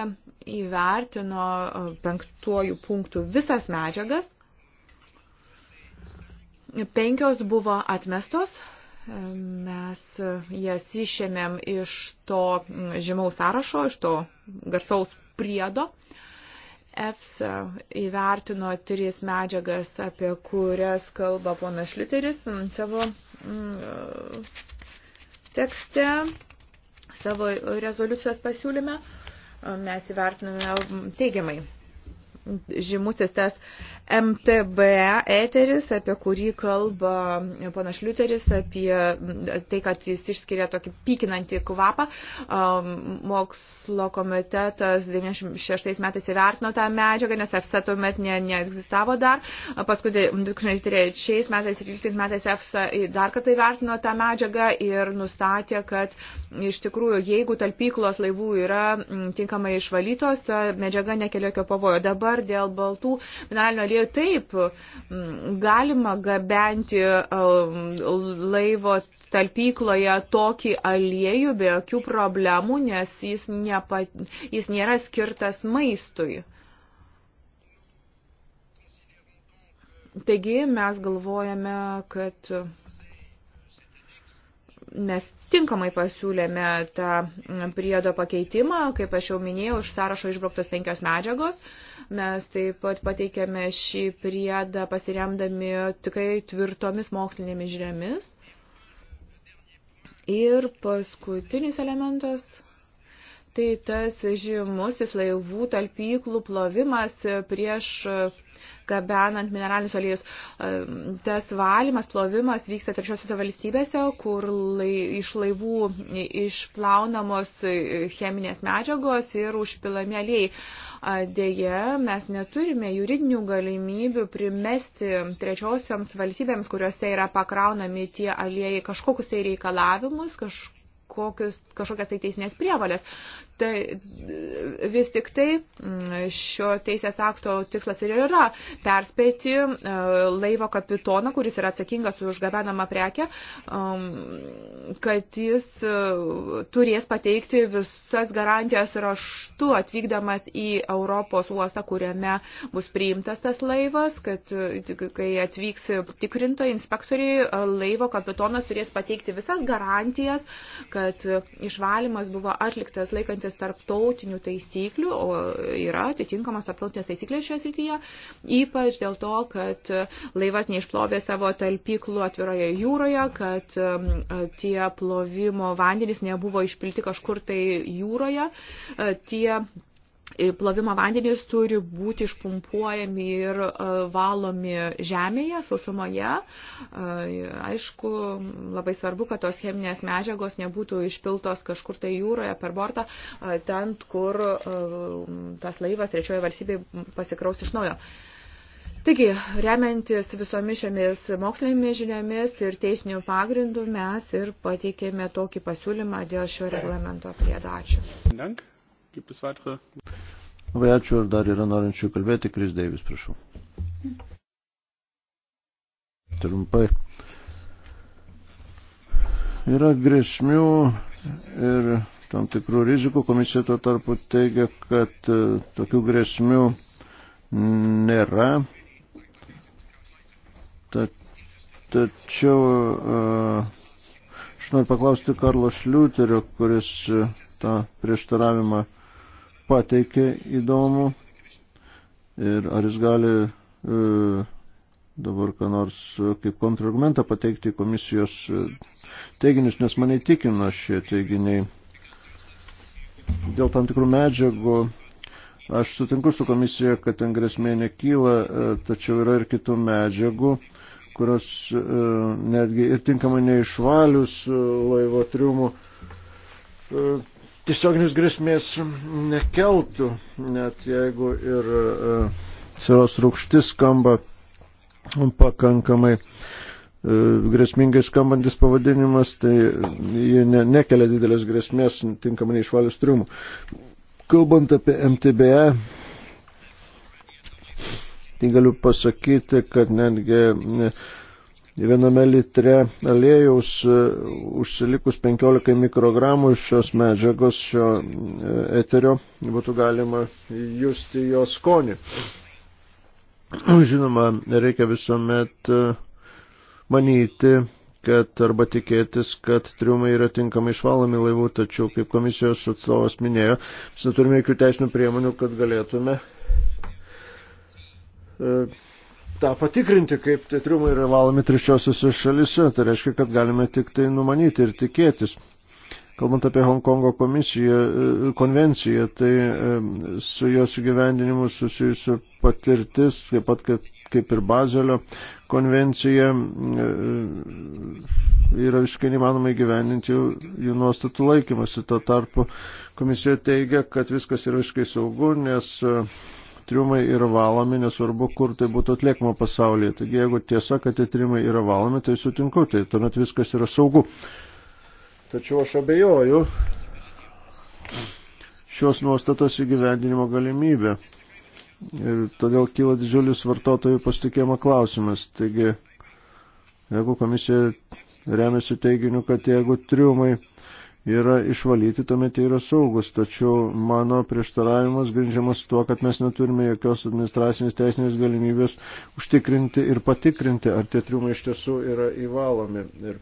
įvertino e, penktuoju punktų visas medžiagas. Penkios buvo atmestos, mes jas išėmėm iš to mm, žymaus sąrašo, iš to garsaus priedo. EFSA įvertino tris medžiagas, apie kurias kalba pona Šliteris mm, savo mm, tekste, savo rezoliucijos pasiūlyme. Mes įvertinome teigiamai žymusis tas MTBA e eteris, apie kurį kalba panas Liuteris, apie tai, kad jis išskiria tokį pykinantį kvapą. Um, mokslo komitetas 96 metais įvertino tą medžiagą, nes EFSA tuomet ne, neegzistavo dar. Paskui 2003 metais ir 2013 metais EFSA dar kartą įvertino tą medžiagą ir nustatė, kad iš tikrųjų, jeigu talpyklos laivų yra tinkamai išvalytos, ta medžiaga nekelia jokio pavojo. Dabar dabar dėl baltų mineralinio aliejų. Taip, mm, galima gabenti um, laivo talpykloje tokį aliejų be jokių problemų, nes jis, nepa, jis nėra skirtas maistui. Taigi mes galvojame, kad mes tinkamai pasiūlėme tą priedo pakeitimą, kaip aš jau minėjau, iš sąrašo išbrauktos penkios medžiagos. Uh, Mes taip pat pateikėme šį priedą pasiremdami tikrai tvirtomis mokslinėmis žirėmis. Ir paskutinis elementas. Tai tas žymusis laivų talpyklų plovimas prieš gabenant mineralinius aliejus. Tas valymas, plovimas vyksta trečiosiuose valstybėse, kur lai, iš laivų išplaunamos cheminės medžiagos ir užpilami aliejai. Deja, mes neturime juridinių galimybių primesti trečiosioms valstybėms, kuriuose yra pakraunami tie aliejai kažkokius tai reikalavimus, kažkokius kokius, kažkokias tai teisinės prievalės. Tai vis tik tai šio teisės akto tikslas ir yra perspėti e, laivo kapitoną, kuris yra atsakingas už gabenamą prekę, um, kad jis e, turės pateikti visas garantijas raštu atvykdamas į Europos uostą, kuriame bus priimtas tas laivas, kad e, kai atvyks tikrintojai, inspektoriai, laivo kapitonas turės pateikti visas garantijas, kad išvalymas buvo atliktas laikantis laikantis tarptautinių taisyklių, o yra atitinkamas tarptautinės taisyklės šioje srityje, ypač dėl to, kad laivas neišplovė savo talpyklų atviroje jūroje, kad um, tie plovimo vandenys nebuvo išpilti kažkur tai jūroje. Tie plovimo vandenys turi būti išpumpuojami ir e, valomi žemėje, sausumoje. E, aišku, labai svarbu, kad tos cheminės medžiagos nebūtų išpiltos kažkur tai jūroje per bortą, e, ten, kur tas laivas trečioje valstybėje pasikraus iš naujo. Taigi, remiantis visomis šiomis mokslinėmis žiniomis ir teisinių pagrindų, mes ir pateikėme tokį pasiūlymą dėl šio reglamento priedo. Ačiū. Dank. Gibt es weitere? Labai ačiū, ar dar yra norinčių kalbėti, Kris Deivis, prašau. Trumpai. Yra grėsmių ir tam tikrų rizikų. Komisija tuo tarpu teigia, kad e, tokių grėsmių nėra. Ta, tačiau e, aš noriu paklausti Karlo Šliuterio, kuris e, tą prieštaravimą uh, pateikė įdomų ir ar jis gali e, dabar ką nors e, kaip kontrargumentą pateikti komisijos e, teiginius, nes mane įtikina šie teiginiai. Dėl tam tikrų medžiagų aš sutinku su komisija, kad ten grėsmė nekyla, e, tačiau yra ir kitų medžiagų, kurios netgi ir tinkamai neišvalius laivo triumų tiesioginis grėsmės nekeltų, net jeigu ir e, siros rūkštis skamba pakankamai e, grėsmingai skambantis pavadinimas, tai jie ne, nekelia didelės grėsmės tinkamai neišvalius triumų. Kalbant apie MTBE, tai galiu pasakyti, kad netgi viename litre aliejaus e, užsilikus 15 mikrogramų šios medžiagos, šio e, eterio, būtų galima justi jo skonį. Žinoma, reikia visuomet e, manyti, kad arba tikėtis, kad triumai yra tinkamai išvalomi laivų, tačiau, kaip komisijos atstovas minėjo, mes neturime jokių teisinių priemonių, kad galėtume e, tą patikrinti, kaip tie triumai yra valomi trečiosiuose šalise. Tai reiškia, kad galime tik tai numanyti ir tikėtis. Kalbant apie Hongkongo komisiją, e, konvenciją, tai e, su jos įgyvendinimu susijusiu patirtis, taip pat kaip, kaip ir Bazelio konvencija, e, yra visiškai neįmanoma įgyvendinti jų, jų nuostatų laikymasi. Tuo tarpu komisija teigia, kad viskas yra visiškai saugu, nes tyrimai yra valomi, nesvarbu, kur tai būtų atliekama pasaulyje. Taigi, jeigu tiesa, kad tie tyrimai yra valomi, tai sutinku, tai tuomet viskas yra saugu. Tačiau aš abejoju šios nuostatos įgyvendinimo galimybę. Ir todėl kyla didžiulis vartotojų pasitikėjimo klausimas. Taigi, jeigu komisija remiasi teiginiu, kad jeigu triumai yra išvalyti, tuomet jie yra saugus. Tačiau mano prieštaravimas grindžiamas tuo, kad mes neturime jokios administracinės teisinės galimybės užtikrinti ir patikrinti, ar tie triumai iš tiesų yra įvalomi. Ir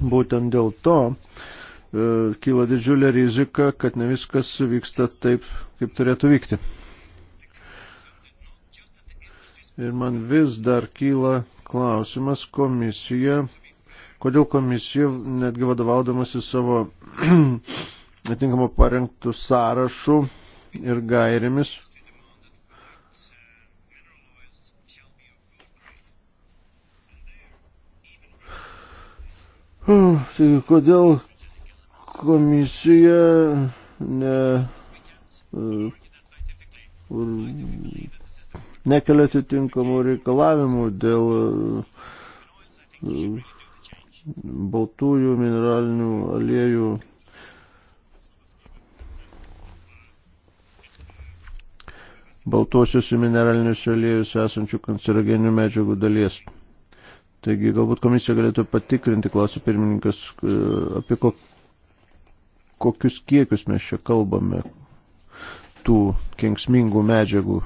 būtent dėl to e, kyla didžiulė rizika, kad ne viskas vyksta taip, kaip turėtų vykti. Ir man vis dar kyla klausimas komisija Kodėl komisija, netgi vadovaudamasi savo atinkamo parengtų sąrašų ir gairėmis, Tai kodėl komisija ne, uh, nekelia atitinkamų reikalavimų dėl uh, baltųjų mineralinių aliejų baltuosiuose mineraliniuose aliejuose esančių kancerogenių medžiagų dalies. Taigi galbūt komisija galėtų patikrinti, klausė pirmininkas, e, apie kok, kokius kiekius mes čia kalbame tų kenksmingų medžiagų,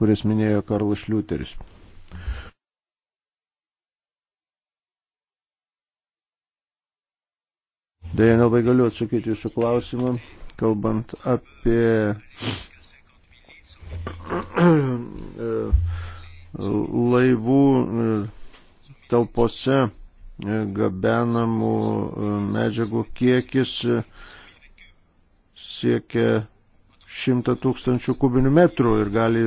kurias minėjo Karlas Liuteris. Deja, nebaigaliu atsakyti jūsų klausimą, kalbant apie laivų e, talpose e, gabenamų e, medžiagų kiekis siekia 100 tūkstančių kubinių metrų ir gali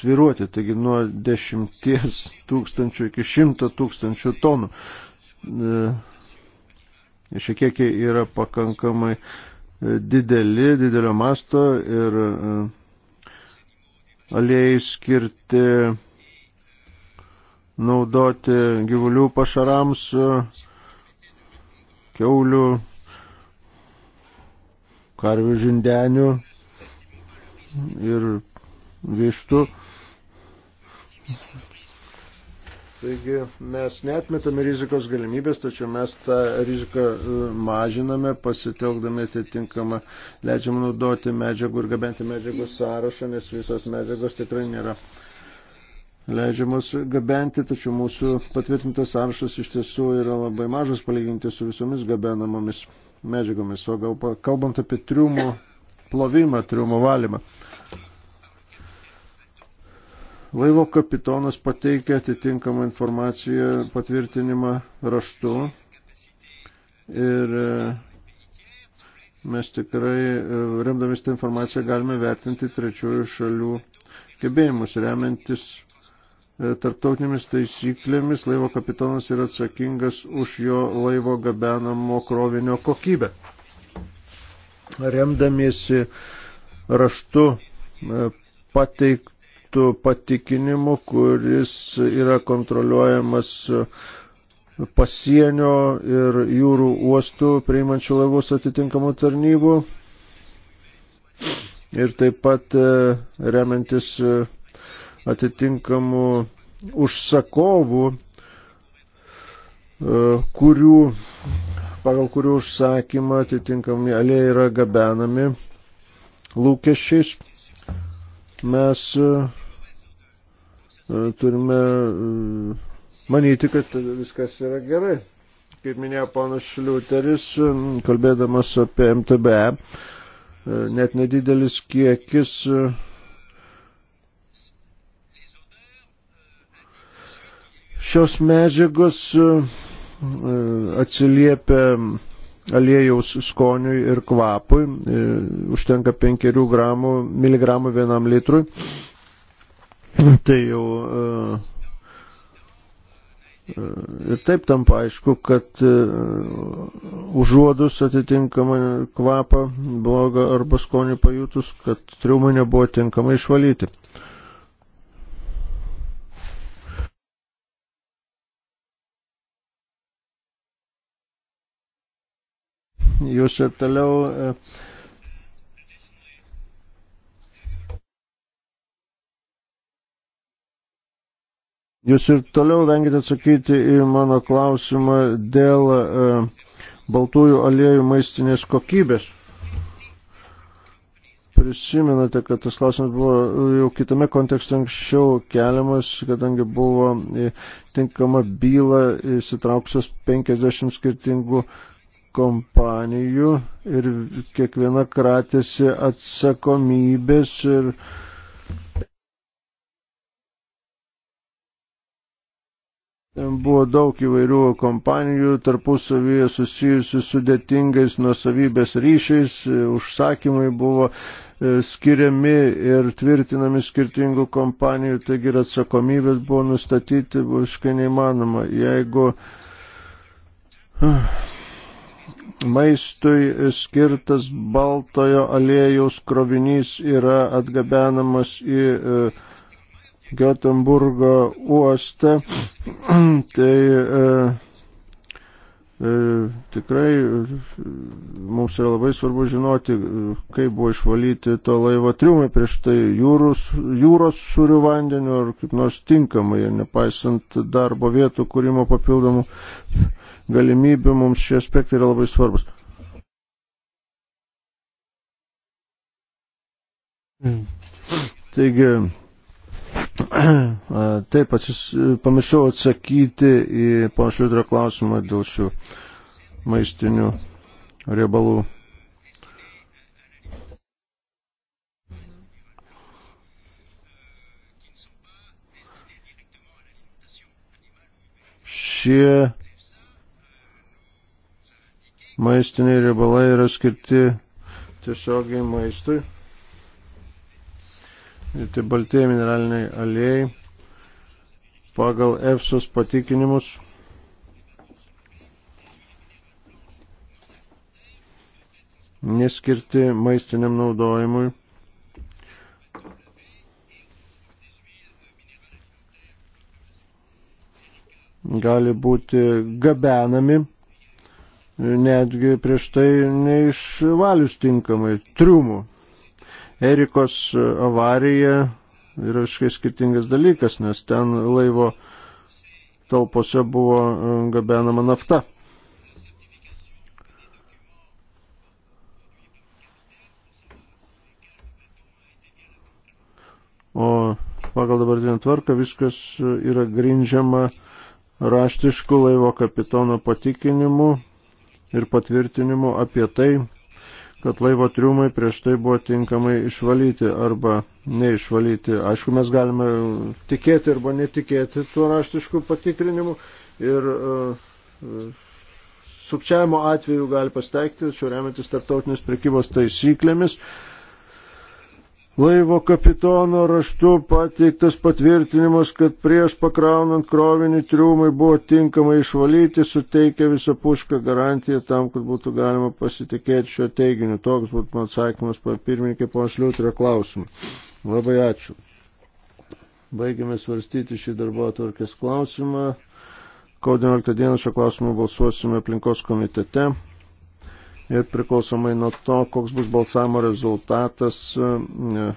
sviruoti, taigi nuo 10 tūkstančių iki 100 tūkstančių tonų Šie kiekiai yra pakankamai e, dideli, didelio masto ir e, aliejai skirti naudoti gyvulių pašarams, e, keulių, karvių žindenių ir vištų Taigi mes netmetame rizikos galimybės, tačiau mes tą riziką e, mažiname, pasitelkdami atitinkamą leidžiamą naudoti medžiagų ir gabenti medžiagų sąrašą, nes visos medžiagos tikrai nėra leidžiamos gabenti, tačiau mūsų patvirtintas sąrašas iš tiesų yra labai mažas palyginti su visomis gabenamomis medžiagomis, o gal kalbant apie triumų plovimą, triumų valymą. Laivo kapitonas pateikė atitinkamą informaciją patvirtinimą raštu ir e, mes tikrai, e, remdamis tą informaciją, galime vertinti trečiųjų šalių gebėjimus, remiantis e, tarptautinėmis taisyklėmis laivo kapitonas yra atsakingas už jo laivo gabenamo krovinio kokybę. Remdamiesi raštu pateiktų produktų patikinimu, kuris yra kontroliuojamas pasienio ir jūrų uostų priimančių laivus atitinkamų tarnybų. Ir taip pat e, remiantis e, atitinkamų užsakovų, e, kurių, pagal kurių užsakymą atitinkami alė yra gabenami lūkesčiais. Mes turime e, manyti, kad viskas yra gerai. Kaip minėjo panas Šliuteris, e, kalbėdamas apie MTBE, e, net nedidelis kiekis šios medžiagos atsiliepia aliejaus skoniui ir kvapui, užtenka 5 gramų, miligramų vienam litrui tai jau e, e, ir taip tampa aišku, kad e, užuodus atitinkamą kvapą blogą arba skonį pajutus, kad triumai nebuvo tinkamai išvalyti. Jūs ir toliau Jūs ir toliau vengite atsakyti į mano klausimą dėl e, baltųjų aliejų maistinės kokybės. Prisimenate, kad tas klausimas buvo jau kitame kontekste anksčiau keliamas, kadangi buvo e, tinkama byla įsitrauksios 50 skirtingų kompanijų ir kiekviena kratėsi atsakomybės ir e, Buvo daug įvairių kompanijų tarpusavyje susijusių sudėtingais nuosavybės ryšiais, užsakymai buvo e, skiriami ir tvirtinami skirtingų kompanijų, taigi ir atsakomybės buvo nustatyti visiškai neįmanoma. Jeigu maistui skirtas baltojo aliejaus krovinys yra atgabenamas į uh, Göteborgo uoste. tai e, e, tikrai mums yra labai svarbu žinoti, kaip buvo išvalyti to laivo triumai prieš tai jūros, jūros surių vandeniu ar kaip nors tinkamai, nepaisant darbo vietų kūrimo papildomų galimybių, mums šie aspektai yra labai svarbus. Hmm. Taigi, Taip, atsis, pamiršau atsakyti į pošliudrio klausimą dėl šių maistinių riebalų. Šie maistiniai riebalai yra skirti tiesiogiai maistui tai baltieji mineraliniai aliejai pagal EFSUS patikinimus neskirti maistiniam naudojimui. Gali būti gabenami netgi prieš tai neišvalius tinkamai triumų. Erikos avarija yra iškai skirtingas dalykas, nes ten laivo talpose buvo e, gabenama nafta. O pagal dabartinę tvarką viskas yra grindžiama raštiškų laivo kapitono patikinimu ir patvirtinimu apie tai, kad laivo triumai prieš tai buvo tinkamai išvalyti arba neišvalyti. Aišku, mes galime tikėti arba netikėti tuo raštišku patikrinimu ir uh, sukčiavimo atveju gali pasteikti, šiuo remiantis tarptautinės prekybos taisyklėmis. Uh, laivo kapitono raštu pateiktas patvirtinimas, kad prieš pakraunant krovinį triumai buvo tinkamai išvalyti, suteikia visapušką garantiją tam, kad būtų galima pasitikėti šio teiginiu. Toks būtų man atsakymas, pirmininkė, po šliutrio klausimą. Labai ačiū. Baigėme svarstyti šį darbo atvarkės klausimą. Kovo 19 dieną šio klausimą balsuosime aplinkos komitete ir priklausomai nuo to, koks bus balsavimo rezultatas e,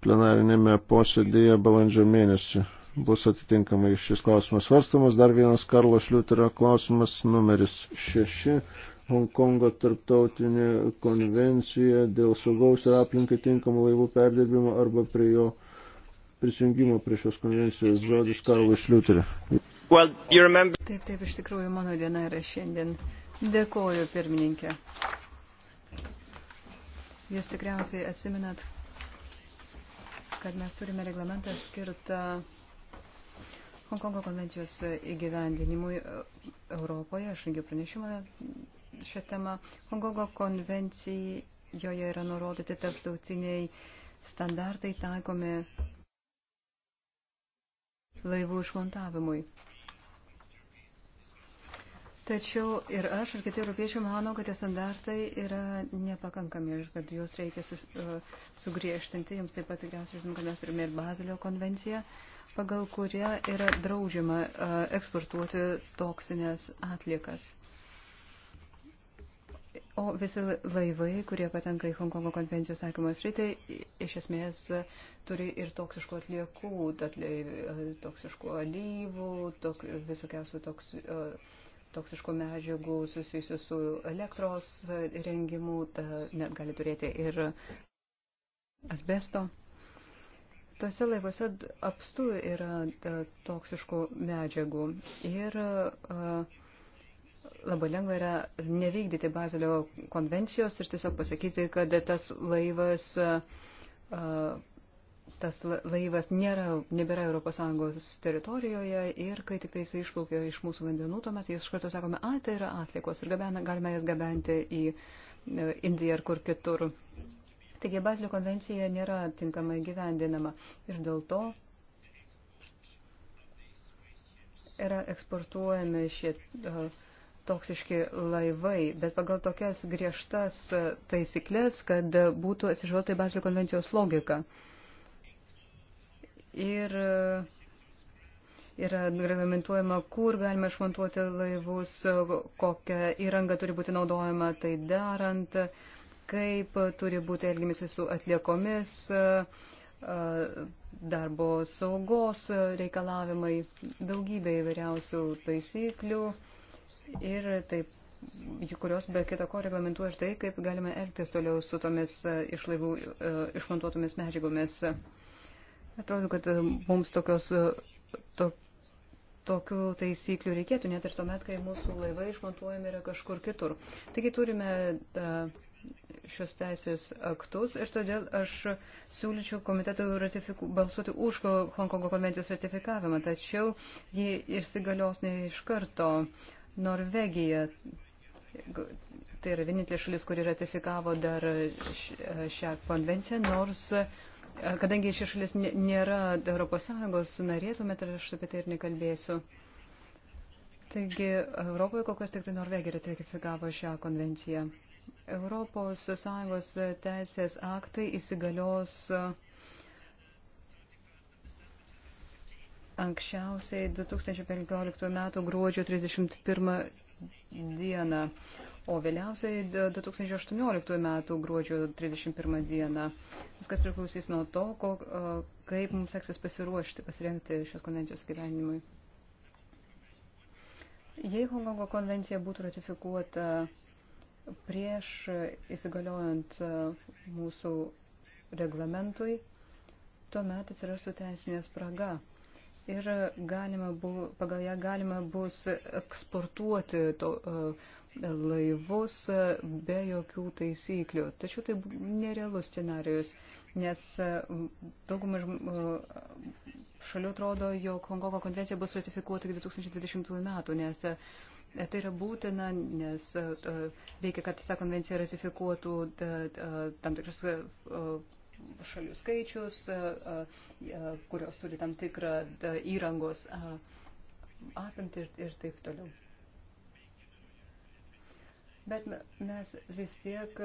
plenarinėme posėdėje balandžio mėnesį. Bus atitinkamai šis klausimas svarstamas. Dar vienas Karlo Šliuterio klausimas numeris 6. Hongkongo tarptautinė konvencija dėl saugaus ir aplinkai tinkamų laivų perdirbimo arba prie jo prisijungimo prie šios konvencijos žodis Karlo Šliuterio. Well, remember... Taip, taip, iš tikrųjų mano diena yra šiandien. Dėkoju, pirmininkė. Jūs tikriausiai atsiminat, kad mes turime reglamentą skirtą Hongkongo konvencijos įgyvendinimui e, Europoje. Aš rengiu pranešimą šią temą. Hongkongo konvencijoje yra nurodyti tarptautiniai standartai taikomi laivų išmontavimui. Tačiau ir aš, ir kiti europiečiai mano, kad tie standartai yra nepakankami ir kad juos reikia su, uh, e, sugriežtinti. Jums taip pat tikriausiai žinau, kad mes turime ir Bazilio konvenciją, pagal kurią yra draudžiama uh, eksportuoti toksinės atliekas. O visi laivai, kurie patenka į Hongkongo konvencijos taikymos rytį, iš esmės turi ir toksiškų atliekų, e, toksiškų alyvų, tok, visokiausių toks, toksiškų medžiagų susijusių su elektros rengimu, ta, net gali turėti ir asbesto. Tuose laivuose apstu yra ta, toksiškų medžiagų ir a, labai lengva yra nevykdyti Bazilio konvencijos ir tiesiog pasakyti, kad tas laivas a, tas laivas nėra, nebėra ES teritorijoje ir kai tik tai jis išplaukia iš mūsų vandenų, tuomet jis iš karto sakome, a, tai yra atlikos ir gabena, galime jas gabenti į e, Indiją ar kur kitur. Taigi Bazilio konvencija nėra tinkamai gyvendinama ir dėl to yra eksportuojami šie uh, toksiški laivai, bet pagal tokias griežtas e, taisyklės, kad būtų atsižvelgta į Bazilio konvencijos logiką. Uh, ir e, yra reglamentuojama, kur galima išmontuoti laivus, kokia įranga turi būti naudojama tai darant, kaip turi būti elgiamasi su atliekomis, e, e, darbo saugos reikalavimai, daugybė įvairiausių taisyklių ir taip kurios be kita ko reglamentuoja ir tai, kaip galime elgtis toliau su tomis išlaivų išmontuotomis medžiagomis. Atrodo, kad e, mums tokios, e, to, tokių taisyklių reikėtų net ir tuomet, kai mūsų laivai išmontuojami yra kažkur kitur. Taigi turime e, šios teisės aktus ir todėl aš siūlyčiau komitetui balsuoti už Hongkongo konvencijos ratifikavimą, tačiau ji įsigalios ne iš karto. Norvegija, tai yra vienintelė šalis, kuri ratifikavo dar šią konvenciją, nors Kadangi šis šalis nėra ES narė, tuomet aš apie tai ir nekalbėsiu. Taigi, Europoje kol kas tik tai Norvegija ratifikavo šią konvenciją. Europos Sąjungos teisės aktai įsigalios anksčiausiai 2015 m. gruodžio 31 dieną o vėliausiai 2018 m. gruodžio 31 d. Viskas priklausys nuo to, ko, kaip mums seksis pasiruošti, pasirengti šios konvencijos gyvenimui. Jei Hongkongo konvencija būtų ratifikuota prieš įsigaliojant mūsų reglamentui, tuomet atsirastų teisinė spraga. Ir galima bu, pagal ją galima bus eksportuoti to, uh, laivus be jokių taisyklių. Tačiau tai nerealus scenarius, nes e, daugumai e, šalių atrodo, jog Hongkongo konvencija bus ratifikuota iki 2020 metų, nes e, tai yra būtina, nes reikia, kad tą konvenciją ratifikuotų tam tikras šalių skaičius, kurios turi tam tikrą įrangos apimti ir taip toliau. Bet mes vis tiek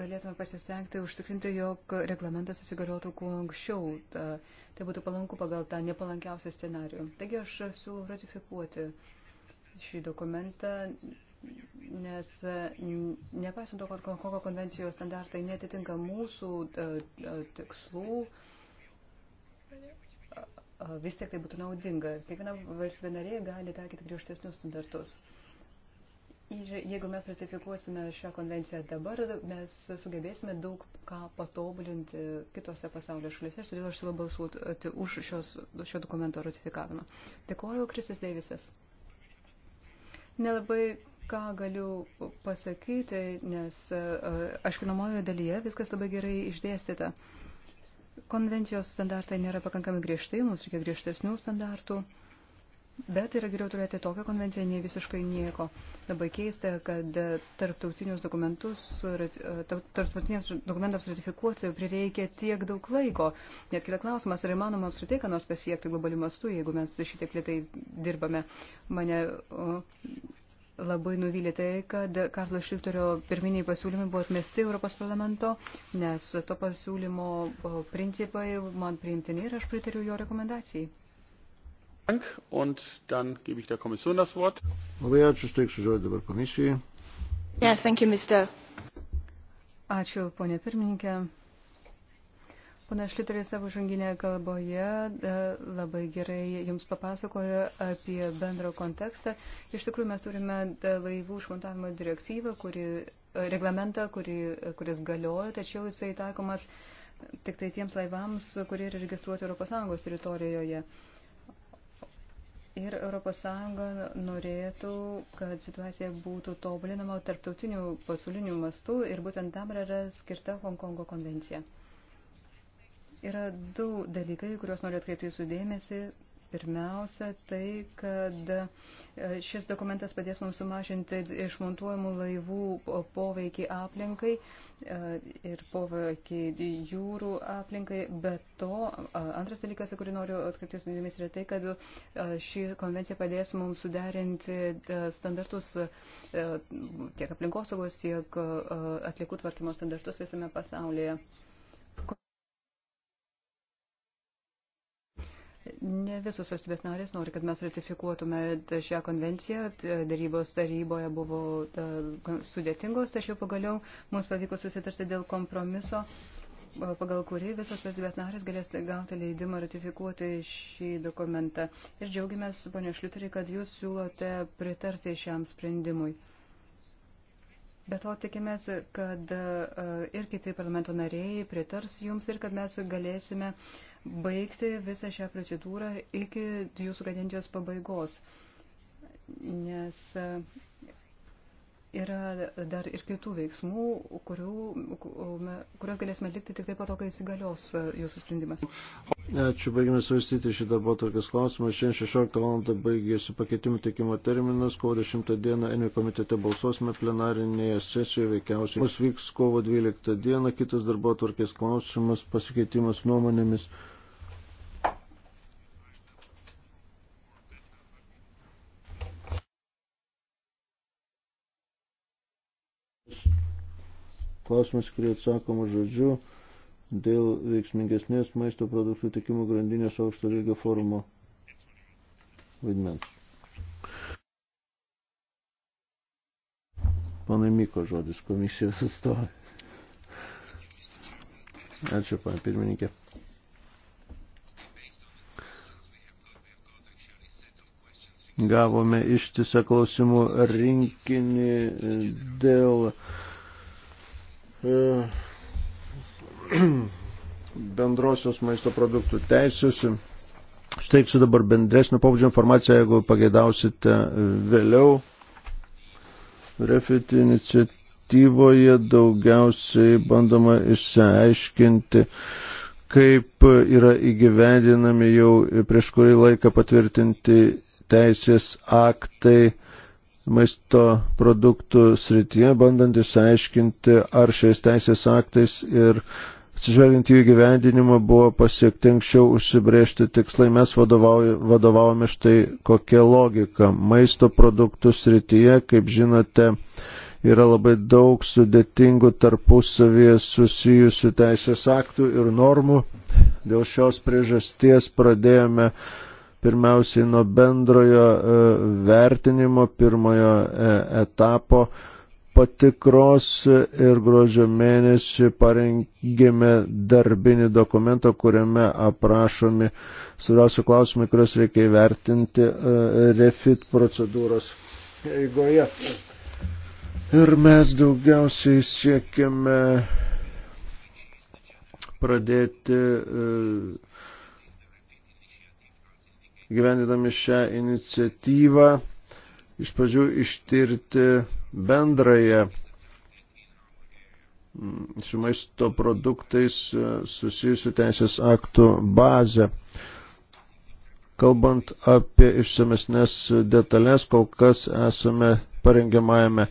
galėtume pasistengti užtikrinti, jog reglamentas įsigaliotų kuo anksčiau. Tai būtų palanku pagal tą nepalankiausią scenarių. Taigi aš siūlau ratifikuoti šį dokumentą, nes nepaisant to, kad Konkongo konvencijos standartai netitinka mūsų e, e, tikslų, vis tiek tai būtų naudinga. Kiekviena valstybė narė gali taikyti griežtesnius standartus. Ir jeigu mes ratifikuosime šią konvenciją dabar, mes sugebėsime daug ką patobulinti kitose pasaulio šalyse. Ir todėl aš siūlau balsuoti už šios, šio dokumento ratifikavimą. Dėkuoju, Kristis Deivisas. Nelabai ką galiu pasakyti, nes e, aiškinamojo dalyje viskas labai gerai išdėstyta. Konvencijos standartai nėra pakankamai griežtai, mums reikia griežtesnių standartų. Bet yra geriau turėti tokią konvenciją nei visiškai nieko. Labai keista, kad tarptautinius dokumentus, tarptautinius dokumentams ratifikuoti prireikia tiek daug laiko. Net kita klausimas, ar įmanoma apskritai, ką nors pasiekti globalių mastų, jeigu mes šitiek lietai dirbame. Mane labai nuvylė tai, kad Karlo Šilterio pirminiai pasiūlymai buvo atmesti Europos parlamento, nes to pasiūlymo principai man priimtini ir aš pritariu jo rekomendacijai. Labai ačiū, steiksiu žodį dabar komisijai. Yes, thank you, Mr. Ačiū, ponė pirmininkė. Pana Šliterė savo žanginėje kalboje e, labai gerai jums papasakojo apie bendrą kontekstą. Iš tikrųjų, mes turime e, laivų išmontavimo direktyvą, kuri, e, reglamentą, kuri, kuris galioja, tačiau jisai taikomas tik tai tiems laivams, kurie yra registruoti ES teritorijoje. Ir ES norėtų, kad situacija būtų tobulinama tarptautinių pasaulinių mastų ir būtent tam yra skirta Hongkongo konvencija. Yra du dalykai, kuriuos noriu atkreipti jūsų dėmesį, Pirmiausia, tai, kad e, šis dokumentas padės mums sumažinti išmontuojamų laivų poveikį aplinkai e, ir poveikį jūrų aplinkai. Bet to, antras dalykas, kurį noriu atkreipti dėmesį, yra tai, kad ši konvencija padės mums suderinti e, standartus tiek aplinkosaugos, tiek atlikų tvarkymo standartus visame pasaulyje. Ne visos valstybės narės nori, kad mes ratifikuotume šią konvenciją. Darybos taryboje buvo sudėtingos, tačiau pagaliau mums pavyko susitarti dėl kompromiso, pagal kurį visos valstybės narės galės gauti leidimą ratifikuoti šį dokumentą. Ir džiaugiamės, ponė Šliuteriai, kad jūs siūlote pritarti šiam sprendimui. Be to tikimės, kad e, ir kiti parlamento nariai pritars jums ir kad mes galėsime uh, baigti visą šią procedūrą iki jūsų kadencijos pabaigos, nes e, yra dar ir kitų veiksmų, kurių, kurios galėsime atlikti tik taip pat, kai įsigalios e, jūsų sprendimas. Ačiū, baigime svarstyti šį darbo tvarkės klausimą. Šiandien 16 val. baigėsi pakeitimų teikimo terminas. Kovo 10 dieną Envi komitete balsuosime plenarinėje sesijoje veikiausiai. Mus vyks kovo 12 dieną. Kitas darbo tvarkės klausimas pasikeitimas nuomonėmis. klausimas, kurį atsakoma žodžiu dėl veiksmingesnės maisto produktų tikimo grandinės aukšto lygio forumo vaidmens. Pana Miko žodis komisijos atstovai. Ačiū, pana pirmininkė. Gavome ištisą klausimų rinkinį dėl uh, E, bendrosios maisto produktų teisės. Šteiksiu dabar bendresnio pobūdžio informaciją, jeigu pageidausite vėliau. Refit iniciatyvoje daugiausiai bandoma išsiaiškinti, kaip yra įgyvendinami jau prieš kurį laiką patvirtinti teisės aktai maisto produktų srityje, bandant išsiaiškinti, ar šiais teisės aktais ir atsižvelgiant jų gyvendinimą buvo pasiekti anksčiau užsibrėžti tikslai. Mes vadovavome štai kokią logiką. Maisto produktų srityje, kaip žinote, yra labai daug sudėtingų tarpusavėje susijusių teisės aktų ir normų. Dėl šios priežasties pradėjome uh, pirmiausiai nuo bendrojo e, vertinimo pirmojo e, etapo patikros ir gruodžio mėnesį parengėme darbinį dokumentą, kuriame aprašomi svarbiausių klausimai, kuriuos reikia įvertinti e, refit procedūros eigoje. Ir mes daugiausiai siekiame pradėti uh, gyvendinami šią iniciatyvą iš pradžių ištirti bendrąją mm, su maisto produktais e, susijusių teisės aktų bazę. Kalbant apie išsamesnės detalės, kol kas esame parengiamajame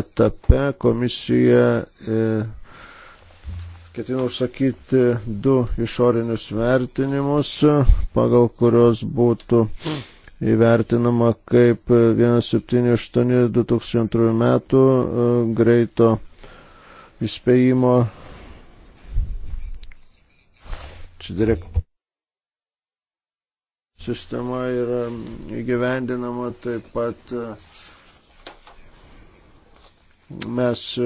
etape. Komisija e, ketinau užsakyti du išorinius vertinimus, pagal kurios būtų įvertinama, kaip 178-2002 metų e, greito įspėjimo sistema yra įgyvendinama taip pat e, mes e,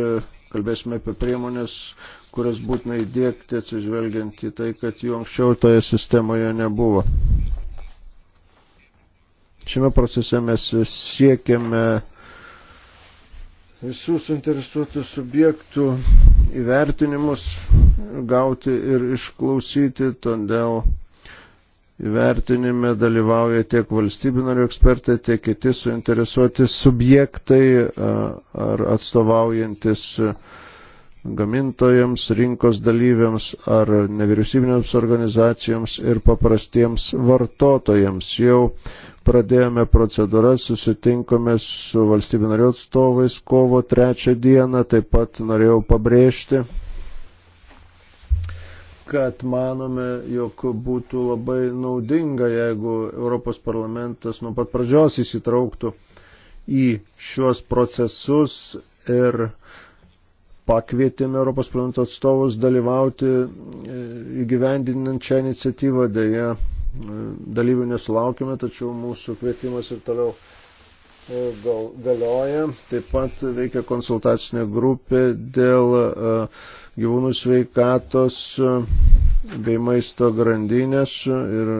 kalbėsime apie priemonės, kurias būtina įdėkti atsižvelgiant į tai, kad jų anksčiau toje sistemoje nebuvo. Šiame procese mes siekiame visų suinteresuotų subjektų įvertinimus gauti ir išklausyti, todėl įvertinime dalyvauja tiek valstybinarių ekspertai, tiek kiti suinteresuoti subjektai ar atstovaujantis uh, gamintojams, rinkos dalyviams ar nevyriausybinėms organizacijoms ir paprastiems vartotojams. Jau pradėjome procedūrą, susitinkome su valstybinario atstovais kovo trečią dieną, taip pat norėjau pabrėžti kad manome, jog būtų labai naudinga, jeigu Europos parlamentas nuo pat pradžios įsitrauktų į šiuos procesus ir pakvietėme Europos parlamento atstovus dalyvauti e, įgyvendinant šią iniciatyvą, dėja e, dalyvių nesulaukime, tačiau mūsų kvietimas ir toliau e, galioja. Taip pat veikia konsultacinė grupė dėl gyvūnų sveikatos bei maisto grandinės ir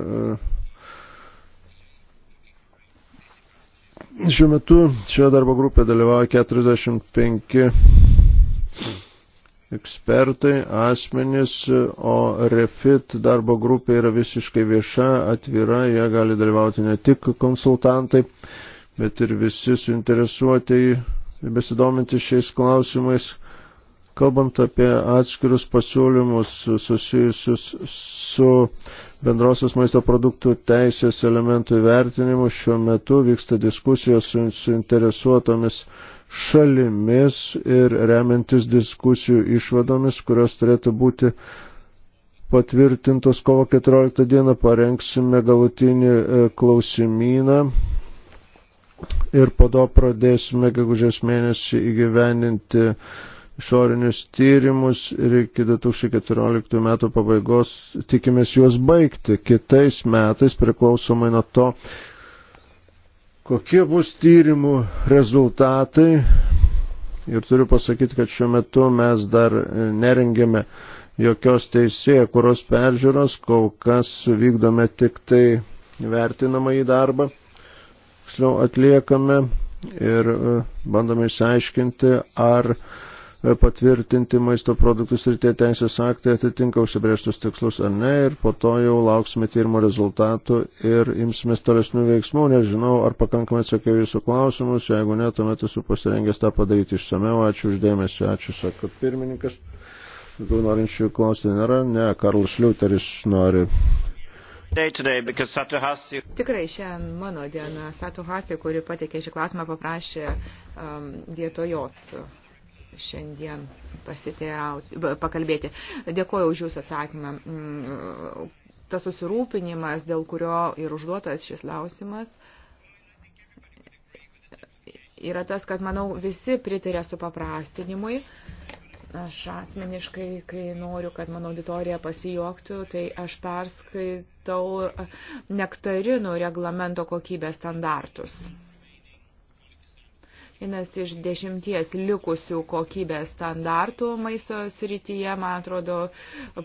Šiuo metu šioje darbo grupėje dalyvauja 45 ekspertai, asmenys, o refit darbo grupė yra visiškai vieša, atvira, jie gali dalyvauti ne tik konsultantai, bet ir visi suinteresuotieji, besidominti šiais klausimais Kalbant apie atskirus pasiūlymus susijusius su bendrosios maisto produktų teisės elementų įvertinimu, šiuo metu vyksta diskusijos su suinteresuotomis šalimis ir remiantis diskusijų išvadomis, kurios turėtų būti patvirtintos kovo 14 dieną, parengsime galutinį e, klausimyną ir po to pradėsime gegužės mėnesį įgyveninti išorinius tyrimus ir iki 2014 metų pabaigos tikimės juos baigti. Kitais metais priklausomai nuo to, kokie bus tyrimų rezultatai. Ir turiu pasakyti, kad šiuo metu mes dar nerengėme jokios teisėje, kurios peržiūros, kol kas vykdome tik tai vertinamą į darbą, tiksliau atliekame ir e, bandome išsiaiškinti, ar uh, E, patvirtinti maisto produktus ir tie teisės aktai atitinka užsibrėžtus tikslus ar ne ir po to jau lauksime tyrimo rezultatų ir imsime tolesnių veiksmų, nežinau, ar pakankamai atsakiau jūsų klausimus, jeigu ne, tuomet esu pasirengęs tą padaryti išsameu, ačiū uždėmesi, ačiū, sako pirmininkas. Daugiau norinčių klausyti nėra, ne, Karlas Liuteris nori Tikrai šiandien mano diena. Satu Hasi, kuri patikė šį klausimą, paprašė um, vietojos šiandien pakalbėti. Dėkuoju už Jūsų atsakymą. Mm, tas susirūpinimas, dėl kurio ir užduotas šis klausimas, yra tas, kad, manau, visi pritarė su paprastinimui. Aš asmeniškai, kai noriu, kad mano auditorija pasijuoktų, tai aš perskaitau nektarinų reglamento kokybės standartus. Mm vienas iš dešimties likusių kokybės standartų maisto srityje, man atrodo,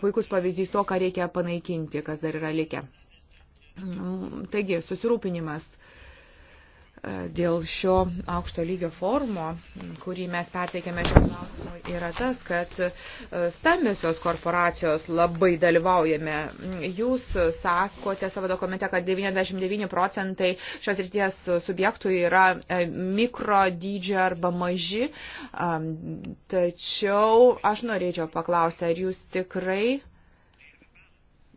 puikus pavyzdys to, ką reikia panaikinti, kas dar yra likę. Taigi, susirūpinimas dėl šio aukšto lygio formo, kurį mes perteikėme šio klausimu, yra tas, kad e, stambiosios korporacijos labai dalyvaujame. Jūs sakote savo dokumente, kad 99 procentai šios ryties subjektų yra e, mikro dydžio arba maži. Tačiau aš norėčiau paklausti, ar jūs tikrai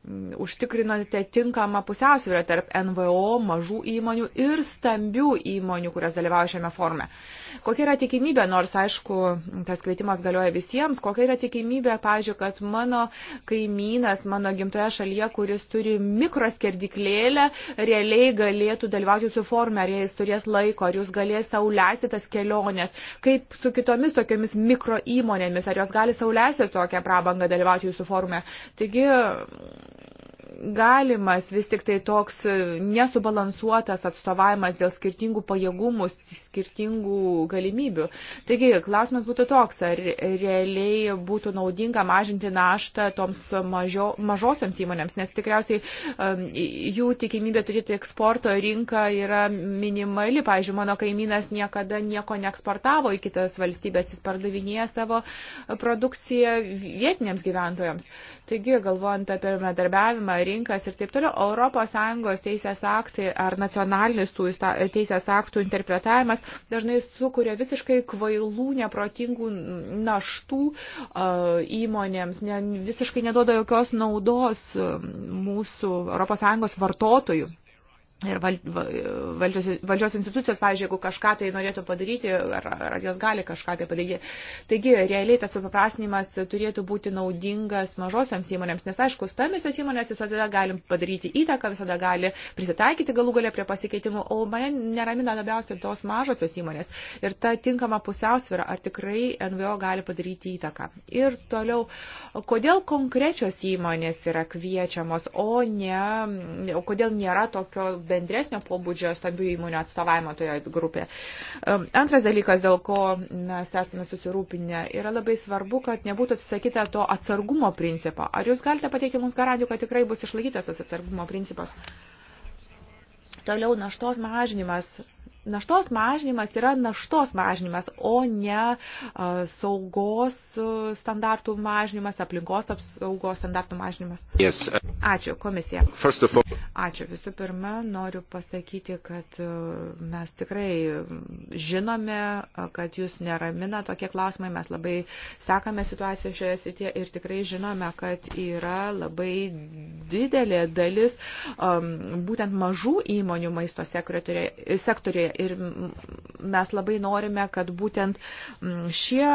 Mm, užtikrinote tinkamą pusiausvyrą tarp NVO, mažų įmonių ir stambių įmonių, kurias dalyvauja šiame forme. Kokia yra tikimybė, nors aišku, tas kvietimas galioja visiems, kokia yra tikimybė, pavyzdžiui, kad mano kaimynas, mano gimtoje šalyje, kuris turi mikroskerdiklėlę, realiai galėtų dalyvauti jūsų forme, ar jis turės laiko, ar jūs galės sauliaisti tas keliones, kaip su kitomis tokiomis mikro įmonėmis, ar jos gali sauliaisti tokią prabangą dalyvauti jūsų forme. Taigi, galimas vis tik tai toks e, nesubalansuotas atstovavimas dėl skirtingų pajėgumų, skirtingų galimybių. Taigi, klausimas būtų toks, ar realiai būtų naudinga mažinti naštą toms mažio, mažosioms įmonėms, nes tikriausiai jų tikimybė turėti eksporto rinką yra minimali. Pavyzdžiui, mano kaimynas niekada nieko neeksportavo į kitas valstybės, jis pardavinėja savo produkciją vietiniams gyventojams. Taigi, galvojant apie bendradarbiavimą, rinkas ir taip toliau. ES teisės aktai ar nacionalinis tų teisės aktų interpretavimas dažnai sukuria visiškai kvailų, neprotingų naštų įmonėms, ne, visiškai neduoda jokios naudos mūsų ES vartotojų. Ir valdžios, valdžios institucijos, pavyzdžiui, jeigu kažką tai norėtų padaryti, ar, ar jos gali kažką tai padaryti. Taigi, realiai tas supaprastinimas turėtų būti naudingas mažosioms įmonėms, nes, aišku, stambiosios įmonės visada galim padaryti įtaką, visada gali prisitaikyti galų galę prie pasikeitimų, o mane neramina labiausiai tos mažosios įmonės. Ir ta tinkama pusiausvėra, ar tikrai NVO gali padaryti įtaką. Ir toliau, kodėl konkrečios įmonės yra kviečiamos, o, ne, o kodėl nėra tokio bendresnio pobūdžio stambių įmonių atstovavimo toje grupėje. Antras dalykas, dėl ko mes esame susirūpinę, yra labai svarbu, kad nebūtų atsisakyta to atsargumo principo. Ar jūs galite pateikti mums garantijų, kad tikrai bus išlaikytas tas atsargumo principas? Toliau naštos mažinimas Naštos mažinimas yra naštos mažinimas, o ne saugos standartų mažinimas, aplinkos apsaugos standartų mažinimas. Yes. Ačiū, komisija. All... Ačiū. Visų pirma, noriu pasakyti, kad mes tikrai žinome, kad jūs neramina tokie klausimai, mes labai sekame situaciją šioje srityje ir tikrai žinome, kad yra labai didelė dalis um, būtent mažų įmonių maisto sekretorėje sektorėje ir mes labai norime, kad būtent šie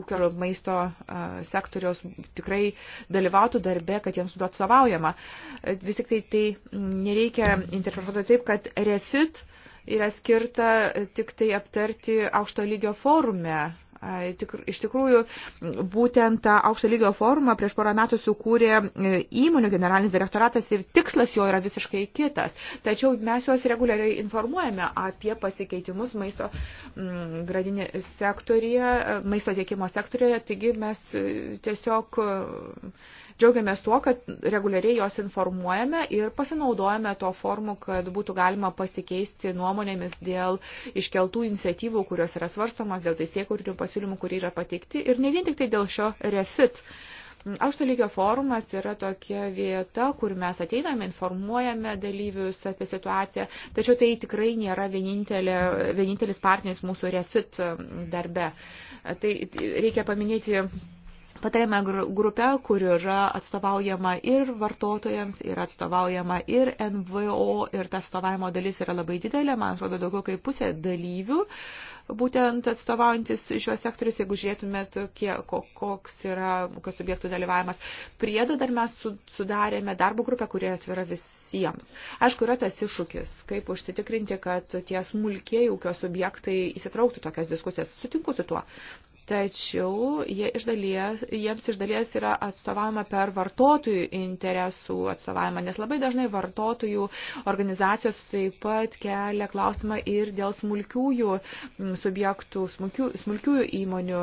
ūkio maisto sektorios tikrai dalyvautų darbe, kad jiems būtų atsovaujama. E, vis tik tai, tai nereikia interpretuoti taip, kad refit yra skirta tik tai aptarti aukšto lygio forume Iš tikrųjų, būtent tą aukšto lygio formą prieš porą metų sukūrė e, įmonių generalinis direktoratas ir tikslas jo yra visiškai kitas. Tačiau mes juos reguliariai informuojame apie pasikeitimus maisto mm, gradinė sektorija, maisto tiekimo sektorija, taigi mes e, tiesiog Džiaugiamės tuo, kad reguliariai jos informuojame ir pasinaudojame to formu, kad būtų galima pasikeisti nuomonėmis dėl iškeltų iniciatyvų, kurios yra svarstomas, dėl teisėkūrinių pasiūlymų, kurie yra pateikti ir ne vien tik tai dėl šio refit. Aukšto lygio forumas yra tokia vieta, kur mes ateiname, informuojame dalyvius apie situaciją, tačiau tai tikrai nėra vienintelis partneris mūsų refit darbe. Tai reikia paminėti patarėme grupę, kur yra atstovaujama ir vartotojams, ir atstovaujama ir NVO, ir ta atstovavimo dalis yra labai didelė, man atrodo, daugiau kaip pusė dalyvių, būtent atstovaujantis šiuos sektorius, jeigu žiūrėtumėt, kiek, koks yra, kokios subjektų dalyvavimas. Priedą dar mes sudarėme darbo grupę, kuri atvira visiems. Aišku, yra tas iššūkis, kaip užsitikrinti, kad tie smulkiai ūkio subjektai įsitrauktų tokias diskusijas. Sutinku su tuo tačiau jie iš dalies, jiems iš dalies yra atstovavimą per vartotojų interesų atstovavimą, nes labai dažnai vartotojų organizacijos taip pat kelia klausimą ir dėl smulkiųjų subjektų, smulkių, smulkiųjų įmonių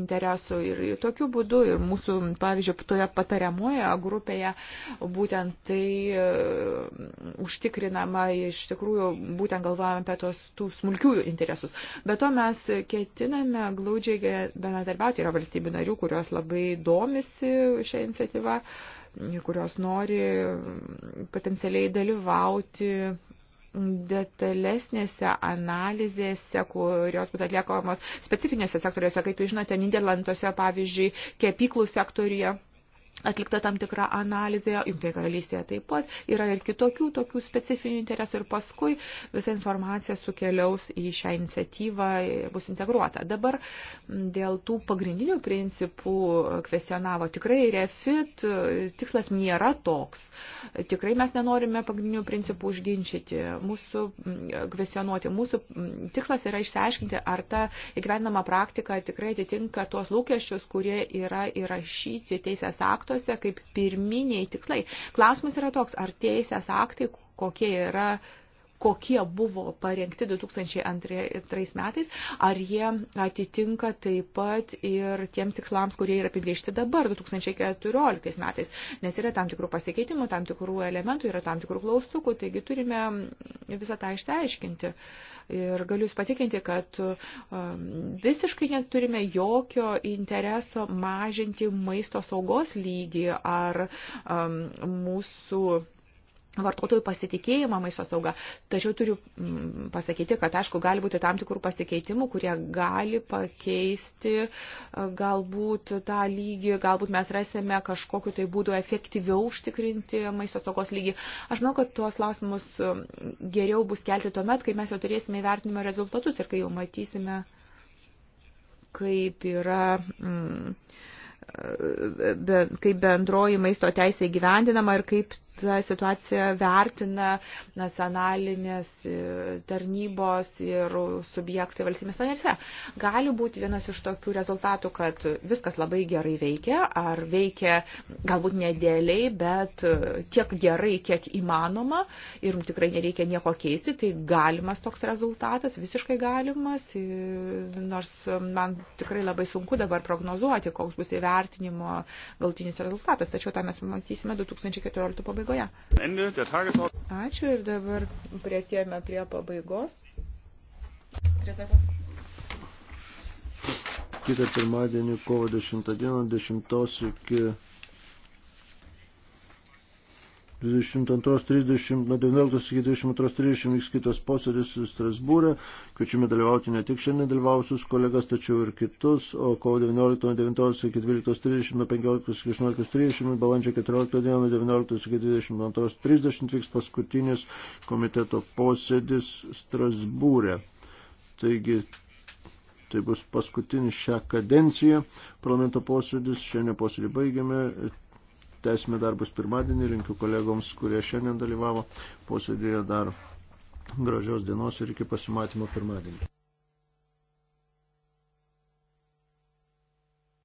interesų. Ir tokiu būdu ir mūsų, pavyzdžiui, toje patariamoje grupėje būtent tai e, užtikrinama, iš tikrųjų būtent galvojame apie tos tų smulkiųjų interesus. Be to mes ketiname glaudžiai bendradarbiauti. Yra valstybių narių, kurios labai domisi šią iniciatyvą, kurios nori potencialiai dalyvauti detalesnėse analizėse, kurios būtų atliekamos specifinėse sektoriuose, kaip jūs žinote, Niderlanduose, pavyzdžiui, kepyklų sektorija atlikta tam tikra analizė, jungtinė karalystėje taip pat, yra ir kitokių tokių specifinių interesų ir paskui visa informacija sukeliaus į šią iniciatyvą, bus integruota. Dabar dėl tų pagrindinių principų kvestionavo, tikrai refit tikslas nėra toks. Tikrai mes nenorime pagrindinių principų užginčyti, mūsų kvestionuoti. Mūsų tikslas yra išsiaiškinti, ar ta įgyvenama praktika tikrai atitinka tuos lūkesčius, kurie yra įrašyti teisės aktų aktuose kaip pirminiai tikslai. Klausimas yra toks, ar teisės aktai, kokie yra kokie buvo parengti 2002 metais, ar jie atitinka taip pat ir tiems tikslams, kurie yra apibriežti dabar 2014 metais, nes yra tam tikrų pasikeitimų, tam tikrų elementų, yra tam tikrų klaustukų, taigi turime visą tą išsiaiškinti. Uh, Ir galiu Jūs patikinti, kad um, visiškai neturime jokio intereso mažinti maisto saugos lygį ar um, mūsų vartotojų pasitikėjimą maisto sauga. Tačiau turiu mm, pasakyti, kad aišku, gali būti tam tikrų pasikeitimų, kurie gali pakeisti e, galbūt tą lygį, galbūt mes rasime kažkokiu tai būdu efektyviau užtikrinti maisto saugos lygį. Aš manau, kad tuos klausimus mm, geriau bus kelti tuomet, kai mes jau turėsime įvertinimo rezultatus ir kai jau matysime, kaip yra. Mm, e, kaip bendroji maisto teisė gyvendinama ir kaip tą e, situaciją vertina nacionalinės e, tarnybos ir subjektai valstybės narėse. Gali būti vienas iš tokių rezultatų, kad viskas labai gerai veikia, ar veikia galbūt nedėliai, bet e, tiek gerai, kiek įmanoma ir tikrai nereikia nieko keisti, tai galimas toks rezultatas, visiškai galimas, nors man tikrai labai sunku dabar prognozuoti, koks bus įvertinimo galtinis rezultatas, tačiau tą mes matysime 2014 pabaigoje pabaigoje. Ačiū ir dabar prietėme prie pabaigos. Prie dabar. Kitą pirmadienį, kovo 10 dieną, 10 iki 22.30, nuo 19 iki 22.30 vyks kitas posėdis Strasbūrė. Kviečiame dalyvauti ne tik šiandien dalyvausius kolegas, tačiau ir kitus, o kovo 19, nuo 19 iki 12.30, nuo 15 iki 18.30, balandžio 14 dieną, nuo 19 iki 22.30 vyks paskutinis komiteto posėdis Strasbūrė. Taigi, tai bus paskutinis šią kadenciją. Parlamento posėdis, šiandien posėdį baigiame. Tęsime darbus pirmadienį, linkiu kolegoms, kurie šiandien dalyvavo posėdėje dar gražios dienos ir iki pasimatymo pirmadienį.